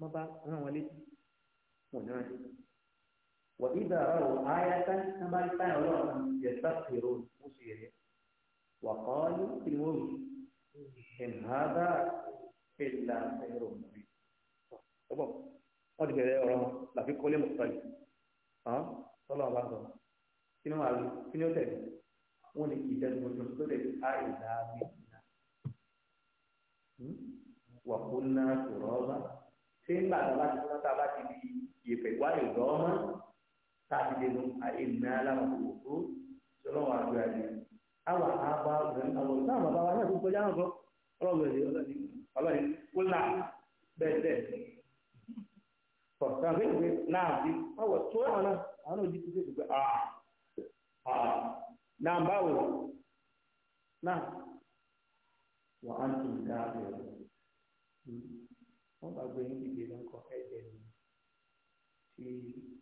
wọ́n bá rán wọn létí wọn ò ní rántí. wà ìdá ọ̀rọ̀ ayáta náà bá ń tá ọlọ́run yẹ̀sà fèrò ó sì yẹ wà kọ́ ló ti wọ́n rù ìhàdá ìlà ẹ̀rọ mọ̀bí. ọ̀pọ̀ wọ́n ti bẹ̀rẹ̀ ọ̀rọ̀ làfi kọ́lé mọ̀ pẹ̀lú tọ́lọ̀ bá sọ kí ni wàá rí kí ni ó tẹ̀lé wọ́n ní ìdánimọ̀ tó tẹ̀lé àìdáa mi wà kó ná tòrọ́ bá. ṣé ń gbàgbọ́ láti fún ọ́tà bá ti di ìyẹ̀pẹ̀ wáyé ọmọ tàbí lẹ́nu àìmọ́ aláwọ̀ tó sọlọ́wọ́ àgbẹ̀ àgbẹ̀ àwọn àbá ọ̀gbẹ̀ àwọn táwọn bàbá wa náà tó kọjá náà kọ́ ọlọ́gbẹ̀rẹ̀ ọlọ́ọ̀ni kúlà náà bí tó náà tún dáa wọ́n gbàgbé yín dìde lọ́kọ̀ ẹ̀jẹ̀ ni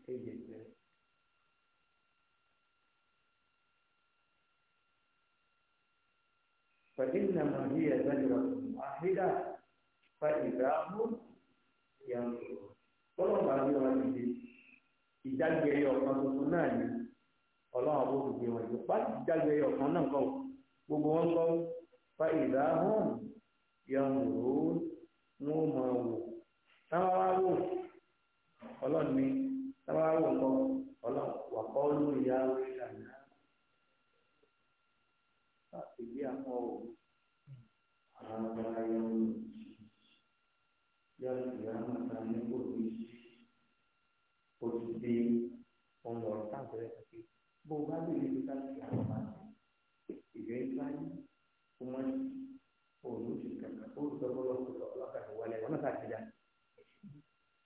tí ẹ̀jẹ̀ jẹ́. فإنما هي زجرة واحدة فإذا هم ينظرون ọlọ́run bá gbé wọn dìde ìdájọ́ ẹyọ ọ̀kan tuntun náà ni ọlọ́run àbó fi gbé wọn dìde bá ìdájọ́ ẹyọ ọ̀kan náà kọ́ gbogbo wọn kọ́ fa ìdáhùn yẹn wọn ò máa wò táwọn wá wò ọlọ́run ni táwọn wá wò ń bọ̀ ọlọ́run wà kọ́ lórí ìyá orí ìlànà àtìgbé àpọ̀ o àwọn ọmọ ayé ń yọ ìyá màtá ní gbòòrò yìí o ti dé ọmọ ọ̀tá àbẹ̀rẹ̀ kàkí bó o bá lè rí ká sí àwọn àti ìrẹ́ ìgbà yìí o máa ń òòlù ti kàkà ó sọ fọlọ́fọlọ́ wàlẹ̀ wọn náà ti dá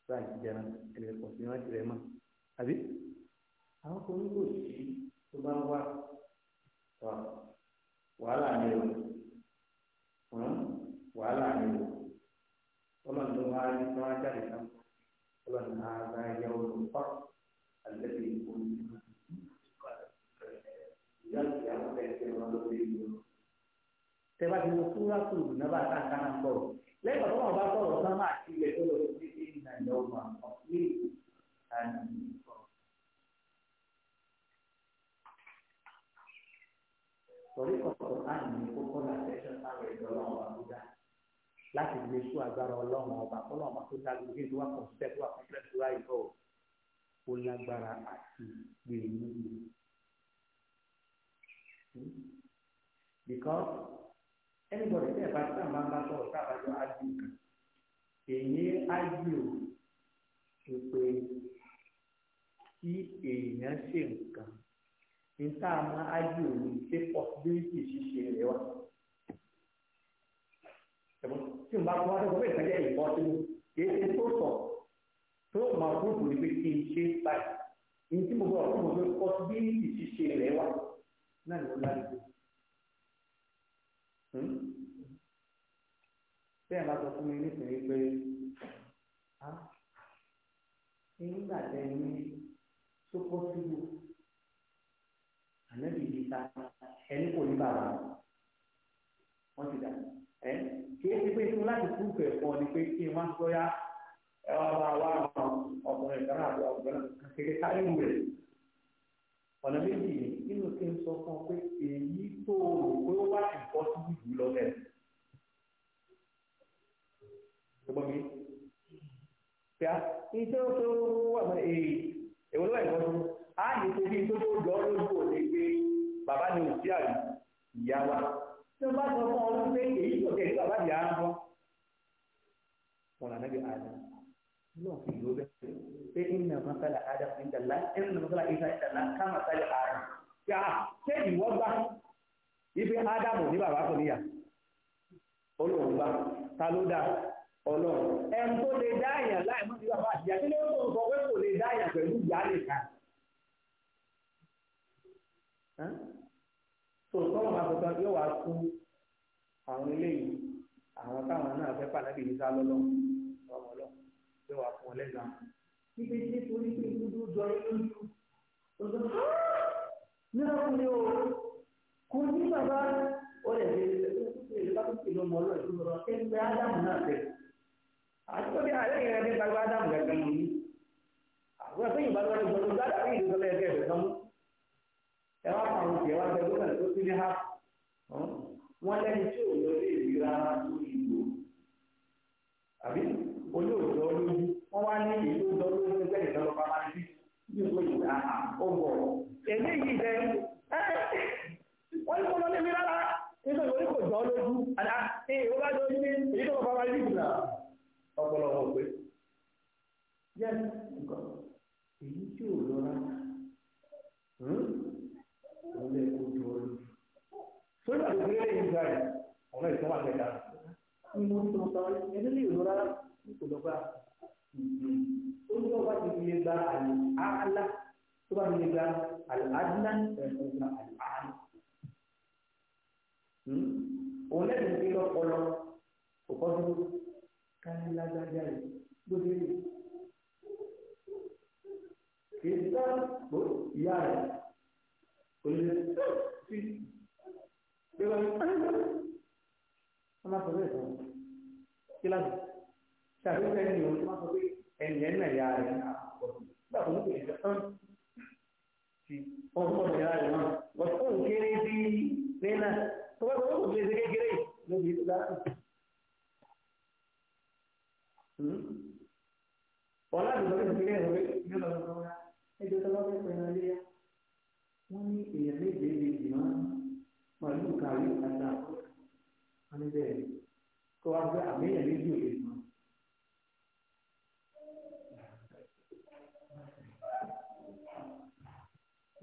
sáà ti jẹrán ẹni pọ̀ sí wọn ti rẹ̀ mọ́ àbí àwọn kan ń gbòòsì tó bá wà wàhálà ni o wàhálà ni o ọlọ́run tó wá ní tó wá jáde náà ọlọ́run náà bá yẹ ọdún pọ̀ àlẹ́ bí o ní ìyá ìyá wọn fẹ́ẹ́ tẹ wọn lórí ìlú tẹ bá ti mọ kúrò àkùrù náà bá tá a kàn án bọ̀ lẹ́yìn tó wọn bá sọ̀rọ̀ sánmà àti ilẹ̀ tó lọ sí ní ìlànà ọmọ ọ̀pẹ́ ìlànà ìkọ́. sọ̀rí kọ̀ọ̀kan láti ní kókó náà tẹ̀sán sáwọn ẹ̀dọ́ ọlọ́run àbújá láti lè sún agbára ọlọ́run ọba kọ́lọ́run tó dágbé kí n tó wà kàn síbẹ̀ tó wà kàn ó lágbára àti gbèrè hmm? because anybody tẹ́ ẹ̀ bá tí àwọn bá sọ̀rọ̀ tá a bá jọ ájú nǹkan èyí ájú kí èèyàn ṣe nǹkan ní tá a máa ájú ṣe possibility ṣíṣe rẹ wá. tí n bá tó wá lọ́wọ́ bẹ́ẹ̀ kẹ́lẹ́ ìbọn tó kìí ṣe tó sọ tó máa kó tó ní pé kí n ṣe báyìí ní tí mo bọ̀ fún bẹ́ẹ̀ hmm? bá sọ fún mi nítorí pé a nígbà tẹ ní sókó síbò ànábì ta ẹni kò ní bàbá wọn ti dà ẹ kí ẹ ti pé fún láti kú ni pé kí n wá sọ ya ẹ wá bá ọkùnrin ọ̀nà méjì ni nínú kí n sọ fún ọ pé èyí tó o rò pé ó wá sí jù lọ bẹ́ẹ̀. ṣùgbọ́n mi pé a ìjọ tó wà mọ́ èyí èwo ló wà ẹ̀kọ́ sí a lè ṣe bí wa tí wọ́n bá sọ fún ọ èyí tó kẹ̀ sí bàbá ìyá ń bọ́. wọn inna masala adam inda Allah inna masala isa inda Allah masala adam yà ṣé ìwọ ibi Adamu ní bàbá kò níyà olóhùn gbà ta ló dá ọlọ́run ẹn tó lè dá èèyàn láì mú ti bàbá àti ìyá kí ló pé kò lè dá èèyàn pẹ̀lú ìyá nìkan tó sọ́wọ́n máa yóò wá àwọn wípé ṣé torí pé dúdú jọ ẹ lójú ọjọ́ nígbà tó ní o kò ní bàbá ó lè fi ìlú bá tún kìlọ̀ mọ́ ọlọ́ọ̀ ìlú lọ́wọ́ ẹgbẹ́ ọzọ. ó bọ̀ eléyìí rẹ wọ́n ní kó lọ níbi rárá nítorí orí kò jọ lójú àdá ee ó bá jọ ojú ní èyí tó bàbá wáyé nìyí náà ọ̀pọ̀lọpọ̀ pé yẹ nǹkan èyí tí ò lọ òun hmm? lè kó jọ lójú sórí àdúgbò eléyìí ń gbà yìí ọ̀rẹ́ ìtọ́wà tẹ̀ka ni mo ní sọ̀rọ̀ ẹni lè lọ kò lọ hmm, hmm. ó ní ọba ti fi lè gba àyè áálá tó bá mi lè gba àlàdínà ẹ̀fọ́ gba àlàdínà. Hmm? òun lẹ́nu ti lọ́pọlọ òkọ́ tó kárí lágbájá yìí ló dé lè. kì í sá ìyá rẹ̀ kò lè sí pé wọ́n máa sọ bẹ́ẹ̀ sọ kí láti ṣàfihàn ẹni ìwọ̀n tó máa sọ pé ẹni ẹ̀ náà yára ẹ̀ náà. 那我们给的，嗯。sí hmm? wọ́n ní èèyàn méje lè dì máa pẹ̀lú kàwé àti àkókò wọn ní bẹ́ẹ̀ kó wá gbé àmì èèyàn méjì òye.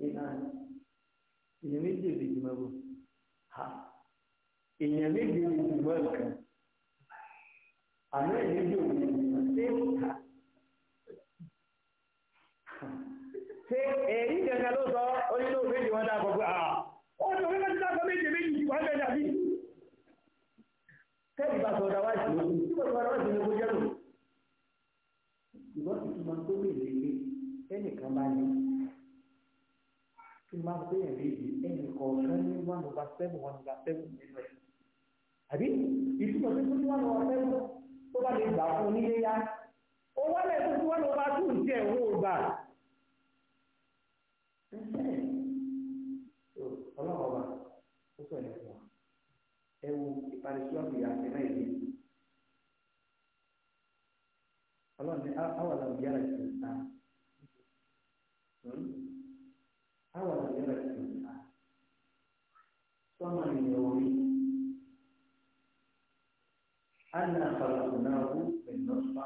iná èèyàn méjì lè jùmọ̀ bò ha èèyàn méjì lè jùmọ̀ nǹkan àmọ́ èèyàn méjì lè jùmọ̀ ṣé ká ṣé èyí kankan ló sọ onílò méjì wọn dà gbogbo àá ó ní orí méjì dàgbọ́ méjì méjì jù wá bẹ́ẹ̀ dàbí tẹ́lifí bá sọ̀rọ̀ wá sí i tí wọ́n ti wá tó lè lè ẹnìkan bá ní tí máa ń péyàn léyìí ẹnì kọ̀ọ̀kan ní one over seven one over seven nínú ẹ̀. àbí ìtumọ̀ tó tún ní one over seven tó bá lè gbà fún onílé yá owó ẹ̀ tó tún one over two jẹ́ owó gbà. ọlọ́run ọba ó sọ yẹn fún wa ẹ wo ìpanisọ́ọ̀bù àti náà yìí. ọlọ́run ní àwọn àlàyé yára ìṣẹ̀lẹ̀ sáà. sọ́mà ilẹ̀ orí ana kalakunahu ẹnọspa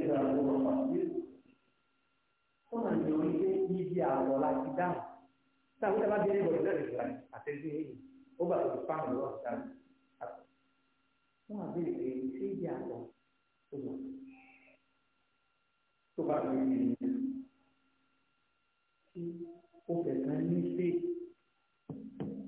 ìlà owó pàṣẹ sọ́mà ilẹ̀ orí pé níbi àwọ̀ láti dáhùn táwọn ìjọba bí ẹgbẹ̀rún lẹ́rìí ìgbà àtẹ̀sí èyí ó bá tó fáwọn ìlú ọ̀sán wọ́n á béèrè pé ṣé ìdí àtọ̀ tó lọ tó bá lórí ìlú tí ó fẹ̀ kan ní.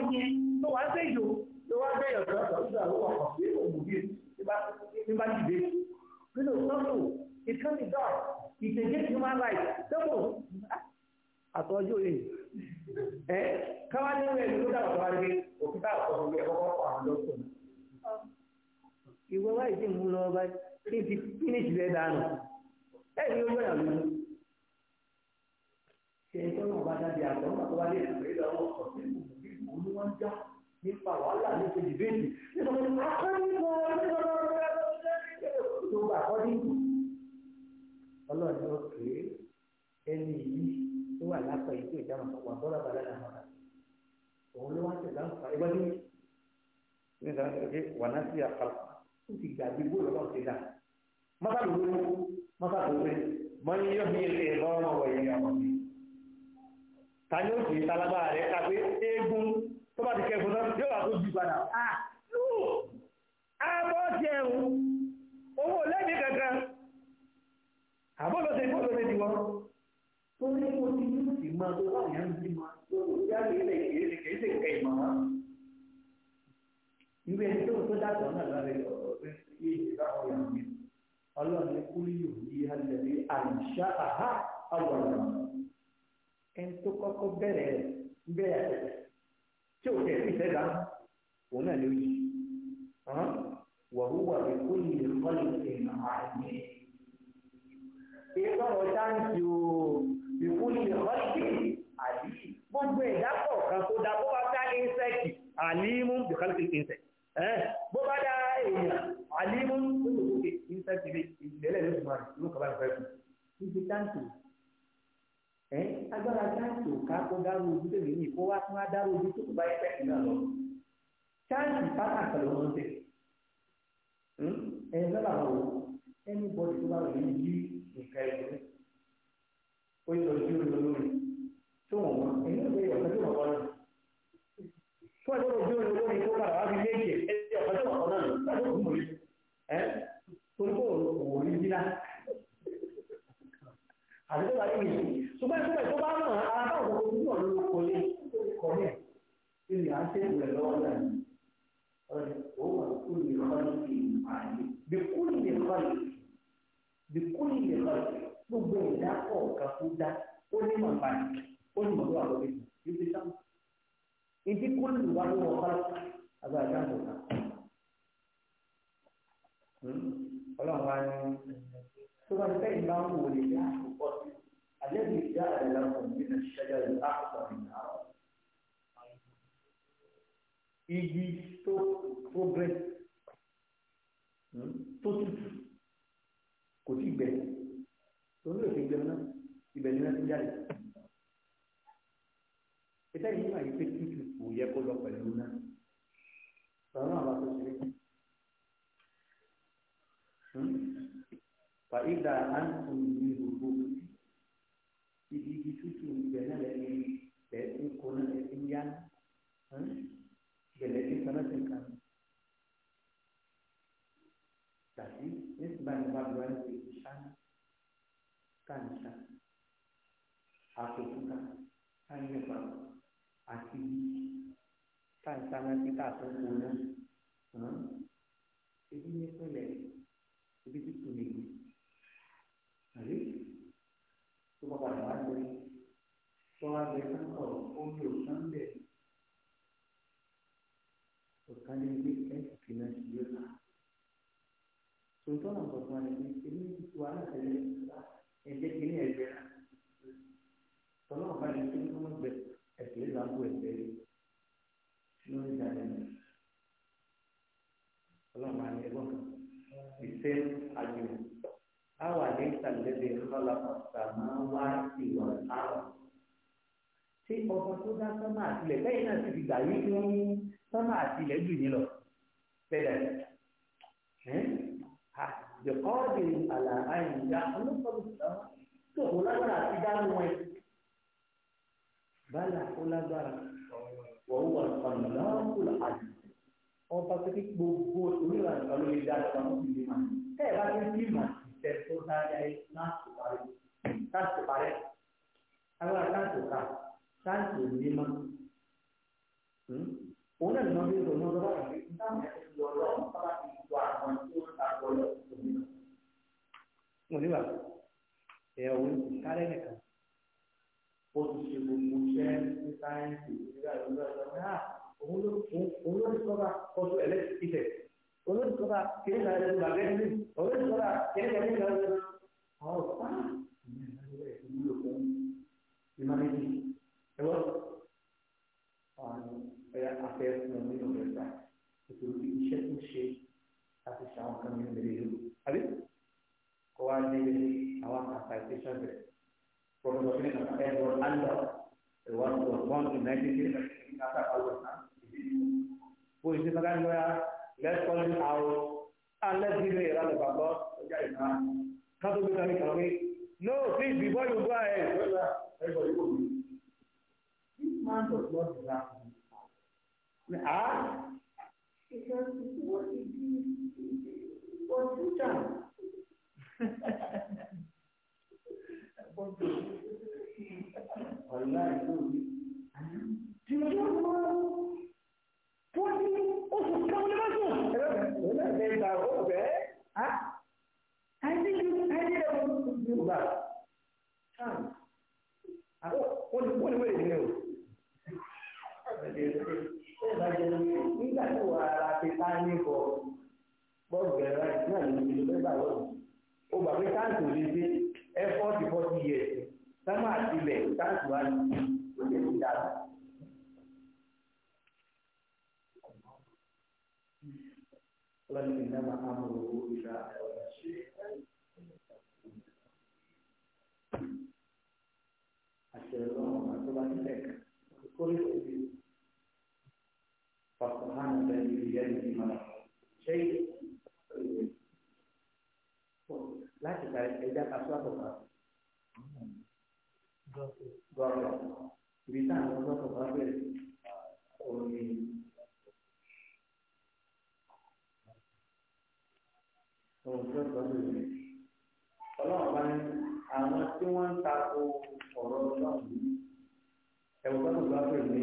yẹn tó wá sí ìjò ló wá bẹ́ ìyọ̀dọ̀ ọ̀dọ̀ àwọn ọkọ̀ sí òmùgbé nígbà dìde nínú sọ́tò it can be done it against human rights tẹ́kọ̀ ah, àtọ́jú rẹ̀ ẹ́ káwá ní ìwé ìlú dàgbà tó wá rí òfin tá àtọ́jú rẹ̀ kọ́kọ́ fún àwọn lọ́sọ̀ ìwọ wáyé tí mú lọ bá ní ti finish rẹ̀ dànù ẹ̀ ní ojú ọ̀nà lónìí ṣe é tó ń bá dábìá tó ń bá tó wá lé ìlú ìlú ọmọ ọ̀sẹ̀ ni wọ́n ń já nípa wàhálà nípa dìbéètì nípa pé akọ́ni mọ́ nípa tó gbà kọ́ni. ọlọ́run ló pè é ẹni yìí tó wà lápá yìí tó ìjánu wà bọ́lá balẹ̀ náà wà òun ló wá ń tẹ̀lé àǹfà ìwádìí ní ìdáná tó ké wà ná sí àkàlà ó ti gbàgbé bóòlù ọlọ́run ti dà mọ́tà tó wé mọ́tà tó wé mọ́ yíyọ́ bí ẹ̀rọ ọmọ wọ̀nyí ọmọ mi. ta ni ó sì ń talábà rẹ̀ ká tó bá ti kẹfù náà yóò wà tó jù padà àbọ̀ ti ẹ̀hùn owó lẹ́mí kankan àbọ̀ lọ́sẹ̀ ìbò lọ́sẹ̀ ti wọ́n tó ní kó ti ní ti máa tó bá yẹn ti máa tó yá lè lè kìí ṣe kìí ṣe kẹ́ ìmọ̀ wọn. ìwé ẹni tó tó dàtọ̀ náà lára ẹ̀ ọ̀rọ̀ pé kí èyí bá wọn yàn mí ọlọ́run ní kúlí yòó yí alẹ́ bí àìṣá àhá àwọ̀rọ̀ ẹni tó kọ́kọ́ bẹ̀rẹ̀ bẹ́ẹ̀ tí ò tẹ̀sí ìfẹ́gà òun náà ló yí wàhúwà rẹ̀ kó lè kọ́lé ìrìn àìní. Èèkọ́ wọn dáńtì o, ìkú lè kọ́lé àlì. Gbogbo ẹ̀dá kọ̀ọ̀kan tó dá bó bá dá ínsẹ́kì, àlímú ìkọ́lé ínsẹ́kì. Bó bá dá èèyàn, àlímú ìkọ́lé ínsẹ́kì ìlẹ́lẹ̀ ló ti máa ló kọ́ bá ń fẹ́ fún. Ibi ẹ agbára gáàsì òká kó dáró ojú tèmi ní ìfowó àti wọn dáró ojú tó kù bá ẹgbẹ́ ìgbà lọ ṣáàṣì pátàkì ló ń tẹ ẹ sábà wò ẹni bọ́ọ̀dù tó bá wọ̀ ní yí nǹkan ẹgbẹ́ ó yọ ojú olórí tó wọ̀n wọn ẹni ìwé ọ̀sán tó wọ̀ wọ́n lọ. tó ẹgbẹ́ ojú olórí tó kàrà wá fi léèkì ẹ ti ọ̀sán tó wọ̀ wọ́n náà lọ àdúgbò bá yẹ yìí ṣùgbọ́n ìṣúgbà tó bá mọ̀ ara bá òun ojú ọ̀nà ló kọ ní kọ ní ìlú à ń ṣe ìwẹ̀ lọ́wọ́ náà ọ̀rẹ́ òun wà kú ní ìkọlù fi àyè bí kú ní ìkọlù bí kú ní ìkọlù gbogbo ìdá kọ̀ọ̀kan kú dá ó ní mọ̀ báyìí ó ní mọ̀ lọ́wọ́ àwọn ọ̀rẹ́ yìí ti sáwọn ìdí kú ní ìwà ló wọ̀ kọ́lù àgbà ìdá kọ̀ọ̀kan ọlọ́run wa ni tó bá ti fẹ́ ìgbà wò lè الشجر الأخضر من الأرض igi tó gbẹ hmm, tó tutù kò tí ni wọ́n ti jáde ìtẹ́ yìí wà yìí pé tútù kò yẹ kó lọ pẹ̀lú náà sọ̀rọ̀ àwọn àbá tó ṣe hmm. igi tútù jelek sana singkan tapi ini sebagai bagwan isan kanca aku suka hanya pak aki tantangan kita sempurna jadi ini boleh jadi itu nih jadi cuma karena dari soal mereka kau oh, undur lẹ́gbẹ́ ẹ̀sìkì náà sì yóò là. Sòtọ́ náà sọ̀tún wa lẹ́gbẹ́ ẹni wà látẹ̀lẹ́ ẹ̀jẹ̀ kìíní ẹ̀jẹ̀ rà. Tọ́lá ọ̀bá yẹn tó ní kọ́mọ́ gbẹ ẹ̀sìn ìlú àgbo ẹ̀jẹ̀ rí. Ṣé ó dára ni? Ọlọ́run àti ẹ̀gbọ́n kan. Ìṣe àjò. Àwọn àdéhùn lẹ́gbẹ̀ẹ́ kọ́lá ọ̀sà máa wá ìwà àrùn. Ṣé ọkọ̀ tó dá sọ́mà àtìlẹ̀ bẹ́ẹ̀ náà ti fi gbà yí fún sọ́nà àti ilẹ̀ jù yín lọ fẹ́dà jẹ̀kọ́ọ̀dì àlàáyé ìyá olóṣèlú sáwọn tó kó lágbára àti dánú wọn bálà ó lágbára wọ́n wà ọ̀nà lọ́wọ́ àti ọba tó ní gbogbo onílà nǹkan ló lè dá lọ́wọ́ àwọn òbí bá ti ní mà ìṣẹ́ tó dáadáa yìí láti parí láti parí agbára láti kà láti òní òun náà lọ bí ìrònú ọlọ́wọ́ rẹ̀ ní táwọn ẹ̀sìn ìlú ọlọ́run sábà ti ju àwọn tí ó ń ta ọlọ́ òmìnira. mo ní bàbá ẹ̀yà òun kò sáré nìkan ó ti ṣe gbogbo iṣẹ́ ní sáyẹ́ǹsì ìgbéga ìlú ọlọ́run náà òun ló ń sọ́ba kọ́tù ẹlẹ́tìkìtẹ̀ òun ló ń sọ́ba kéré kan ẹ̀sìn bàbá ẹ̀sìn òun ló ń sọ́ba kéré kan ẹ̀sìn bàbá ẹ̀sìn ọ̀ọ́ sáà ìmọ̀ ẹ̀sìn ìmọ̀ ẹ̀sìn ẹ̀wọ́ ẹ̀yà afẹ́ fún ọ nínú rẹ̀ gbà nítorí pé iṣẹ́ tó ṣe láti ṣe àwọn kan nínú rẹ̀ yóò àbí kó wá ní àwọn kàkà ìfẹ́sẹ̀ rẹ̀ pọ̀tọ̀tọ̀ fún ẹ̀ka ẹ̀rọ alọ ẹ̀wà ọ̀gbọ́n united kata alọ náà bó ṣe bá kájú ya lẹ́kọ̀ọ́ ní àwọn alẹ́bíire ìlànà bàbọ̀ ọjà ìta kátó gbé kárí kan pé no please before you go ahead. This man does not deserve a kọ̀ǹpútà ọ̀la ìlú mi. tí o yọ ọmọ tó ní oṣù kan ní bá sùn. ẹ bẹ́ẹ̀ bẹ́ẹ̀ bá o bẹ́ẹ̀. I think you I did a good do that. Chance. I don't what what way to do ìbájẹ́ nígbà tí wà á ti tá ní bọ̀ bọ́ọ̀lù ẹ̀rọ náà ní ìlú mẹ́fà lọ́wọ́ ó bàbá táǹtì ò lè dé ẹ fọ́ọ̀tì fọ́ọ̀tì yẹ sámà àtibẹ̀ táǹtì wà ní ìlú ìdá. lọ́nà ìdáná فسبحان الذي بيده ملكوت شيء لا تتعلم إذا أصوات غرب بيتان أصوات غرب Ọlọ́run bá ní àwọn tí wọ́n ń ta ko ọ̀rọ̀ ọlọ́run ẹ̀wọ̀n tó tó bá pè ní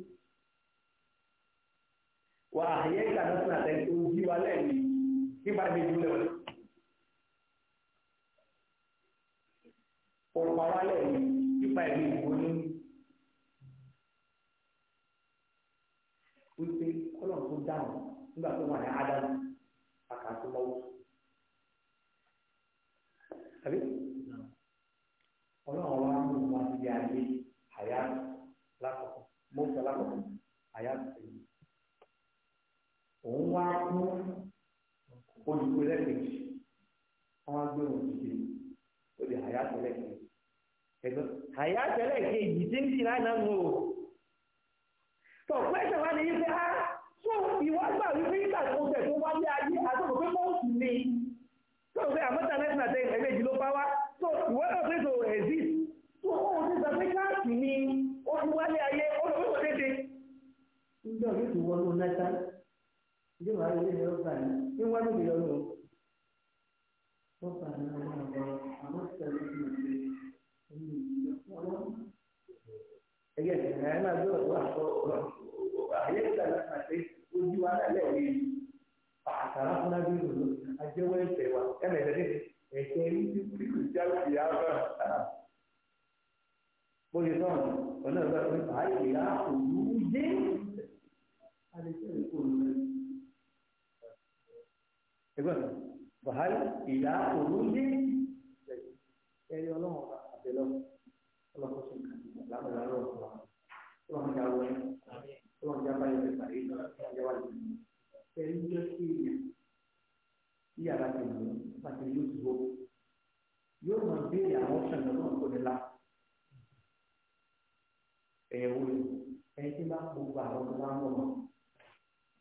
wà àyẹ́ ìtànásínà tẹ́lẹ̀ tó jí wa lẹ́ẹ̀mí nípa ibi ìdúlẹ̀ wọn. ọ̀pọ̀ wa lẹ́ẹ̀mí nípa ibi ìdúlẹ̀ wọn. wípé kọ́lọ̀ tó dáhùn nígbà tó wà ní ádámù àkàtó lọ́wọ́. àbí ọlọ́run wa ń mú wa ti di ayé àyà lákọ̀ọ́kọ́ mọ́tò lákọ̀ọ́kọ́ àyà tó òun wá mú olùgbé lẹ́kẹ̀jì wọ́n gbé òun dìde ó di àyà ẹ̀gbọ́n àyà tẹ́lẹ̀ kejì ń ti láì nù o tọ̀ pẹ́sẹ̀ ah, wá ní ife á tó ìwà gbà wípé ìgbà tó bẹ̀ tó wáyé ayé àtọ́kọ̀ pé mọ́ọ̀sì ni tó fẹ́ àmọ́ta lẹ́sìn àti ẹ̀mẹ́jì ló bá wá tó ìwà náà fẹ́ tó tó ó ti sọ ìdí màá yẹ ilé ọgbà yìí ní wọn níbi yọ lọ wọn fà ní àwọn ọgbà àwọn sẹlẹ ní ìlú ẹni ìlú ọlọ ẹgẹ ìgbà yẹn náà yóò wà sọ àyè ìgbà yẹn náà ṣe ojú wa náà lẹ yìí àtàrà fúnra bí lòlò àjẹwọ ẹsẹ wa ẹnlẹ ẹsẹ ẹsẹ yìí ti kú kú sí bóyá náà ọ̀nà ìgbà yẹn àyè ìyá òwú yé alẹ́ sẹ́yìn kò lóore ẹgbẹ́ mi wàhálà ìyá òun ní ẹyẹ ọlọ́run ọba àbẹ̀lọ́ ọlọ́run ṣe nǹkan lábẹ́ lọ́rọ̀ ọ̀pọ̀ ọlọ́run já wọlé ọlọ́run já báyọ̀ lè pàdé ọlọ́run já wà lè pàdé ẹni jẹ́ kí èèyàn tí yàrá ti mú láti yóò ti wọ́ yóò mọ béèrè àwọn ọ̀sán ọlọ́run kò ní la ẹ̀yẹ wo ni ẹni tí bá gbogbo àwọn tó bá ń wọ̀ mọ́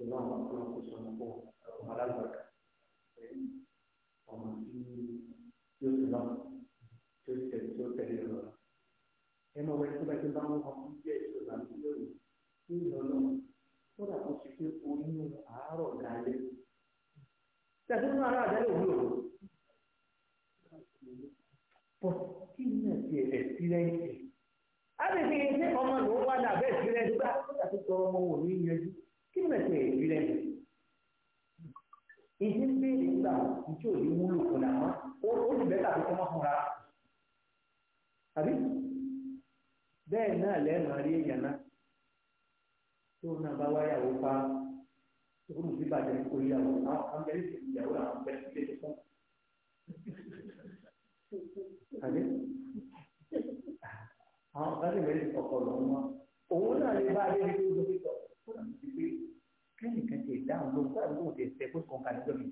ìlú àwọn ọ̀sán kò sọ̀rọ̀ fún ọ̀hún alágbàdàn ọmọ tí yóò ti lọ tí ó ti tẹ̀lé tí ó tẹ̀lé lọ. ẹ máa wẹni tó bá ti bá wọn ọmọ jẹ́ ìṣòro àti lórí tí ó lọ lọ kódà kó ti fi oyún àárọ̀ dalẹ̀. tẹ̀sí nínú ìdí ń béèrè nígbà tí ò ní wúlò kò náà mọ́ ó ti bẹ́ẹ̀ tàbí kọ́ mọ́ fúnra tàbí bẹ́ẹ̀ náà lẹ́ẹ̀mọ̀ rí èèyàn náà tó náà bá wáyàwó pa tó kó mùsùlùmí bàjẹ́ ní orí àwọn àwọn bẹ́ẹ̀ sì ìyàwó àwọn bẹ́ẹ̀ sì lè tó fún tàbí àwọn bá sì bẹ́ẹ̀ sì kọ̀kọ̀ lọ́wọ́ òun náà lè bá adé ní tó dókítọ̀ fún àmì kẹ́yìn kan ti dáhùn lóhùn sáà lóhùn ti ṣe kó kọ̀ọ̀kan níjọ́ mi.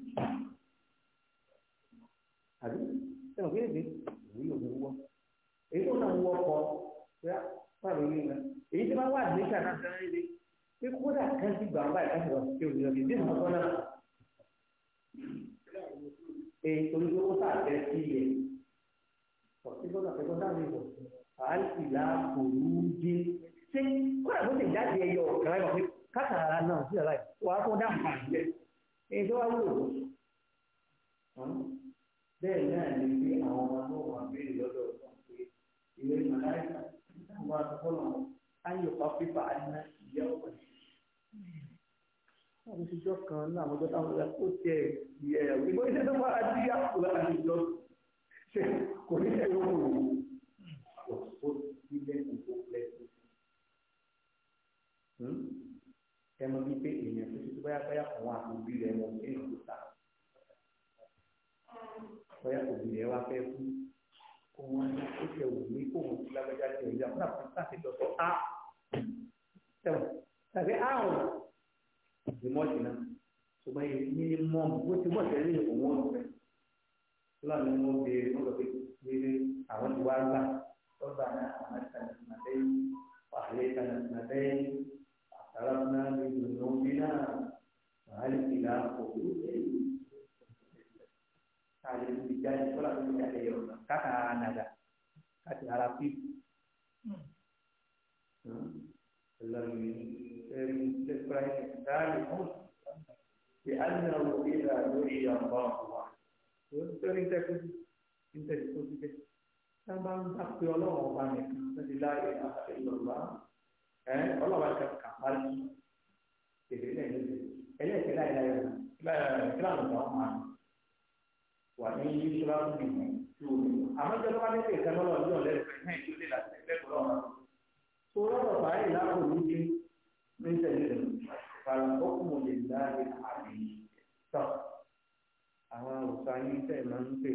àbí ẹnu kí lèdè ìwé òun wọ èyí tó náà ń wọ ọkọ pé wà lórí ìlà èyí tí wọn wà ní ìṣà náà sáré lé pé kódà kan ti gbà ń báyìí láti lọ sí òní lọ́dún nínú ọkọ náà. èyí torí pé ó sàfẹ́ sí ilẹ̀ ọ̀sí lọ́dọ̀ àfẹ́kọ́ dáhùn ìwọ̀ àá sì láàbò rú jẹ́ ṣé kódà bó ti jáde ẹyọ ọ̀kan láì kátàrà náà sí ọ̀la wà á kó dáhùn àjẹ èyí tó wá wúlò bẹ́ẹ̀ náà ni bí àwọn ọmọ náà wà béèrè lọ́dọ̀ ọ̀sán pé ìwé màláìka wà á kọ́ ayò pa pípa ìyá ọ̀pọ̀ àwọn oṣiṣẹ́ kan náà àwọn ọjọ́ táwọn ọ̀la kó tiẹ̀ yẹ ìbò iṣẹ́ tó fara sí àpò lára ní kò ní ṣe yóò wò ó ti lẹ́nu tó tẹmọ bíi pé èèyàn tó ti tó báyà báyà àwọn àkòbí rẹ mọ èèyàn tó ta báyà òbí rẹ wá fẹ́ kú òun àti oṣù ẹwù ní òun ti lágbájá ti ẹ̀yà fún àkókò àti ìjọsọ a tẹwọn tàbí àwọn ìmọ̀ọ́sì náà ṣùgbọ́n èyí ni mọ́ bó ti mọ̀ tẹ́lẹ̀ òun ọ̀fẹ́ lọ́nà ni wọ́n béèrè wọ́n lọ pé béèrè àwọn ti wá gbà lọ́gbà náà àwọn àti àti àtẹ́yìn wà á lé àti àtẹ́yìn. خرجنا من ذنوبنا فهل إلى خروج kali bicara sekolah itu tidak ada yang kata nada kata harapi dalam ini sekolah ini dari mus di anna wira duri yang bawa sering terkutu interkutu tambah tak biologi, orang tidak ada yang ọlọ́wà kẹ kàparí tètè lẹ́yìn ẹlẹ́ẹ̀kẹ́ láyé láyé rẹ̀ kíláàmù tó ọmọ àná wà ní yí ṣọlá tó ní mọ̀ tó ní mọ̀ àmọ́ jẹ́ lọ́wọ́ ní kéèké lọ́wọ́ ní ọ̀lẹ́ rẹ̀ ní ìlú lè lẹ́kọ̀ọ́ lọ́wọ́ tó lọ́wọ́ fàáyé lápò lójú ní tẹ̀lé rẹ̀ fàlà ọkùnrin lè láàyè àmì tọ́ àwọn òòsà yín tẹ̀ máa ń pè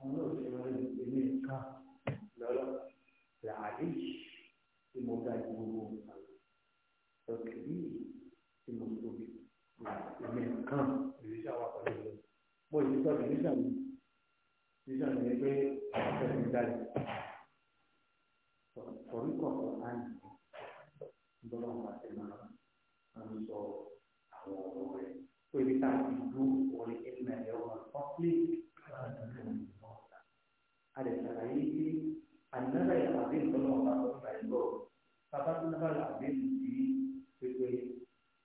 àwọn òòsà yín tẹ̀ máa ń pè ní ìka lọ́lọ́ làálì yìí tí mo ga ju gbogbo nǹkan ọ̀kẹ́ yìí tí mo tóbi ìmọ̀ nǹkan ìrísà wà pẹ̀lú ìlú mo yìí sọ ìrísà mi ìrísà mi ni pé ọ̀kẹ́ mi dájú torí kọ̀ọ̀kan á nì í bọ́lá wọn àti màá ń sọ àwọn ọ̀rọ̀ rẹ̀ pé ibi tá a ti dú orin ìmọ̀ ẹ̀rọ ọ̀pọ̀lẹ̀ a lè ṣàlàyé pé àná rẹ̀ àbí ìtọ́nà ọ̀bá tó ń gbà ẹ̀ bọ̀ bàbá tó náà là àbẹ́lù sí pépé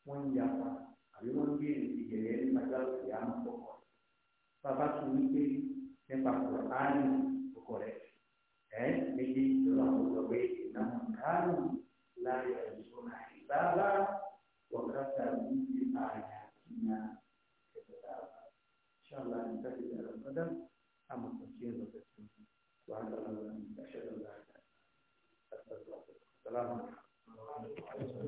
wọ́n ń yapa àbí wọ́n ń béèrè ìyẹ̀lẹ́ nípa jáde ìyá àwọn ọkọ̀ bàbá tó ní pé nípa kùrọ̀ áàrùn ọkọ̀ rẹ̀ ẹ̀ méjì lọ́wọ́ àwọn ọ̀gbẹ́ ìnáwó kárùn láyé ẹ̀dùn náà ìbára wọ́n ká sàrùn sí àyà ìyá ẹ̀dùn إن شاء الله ننتهي إلى الغد أما تسجيل وتسجيل وهذا الأمر 知道吗？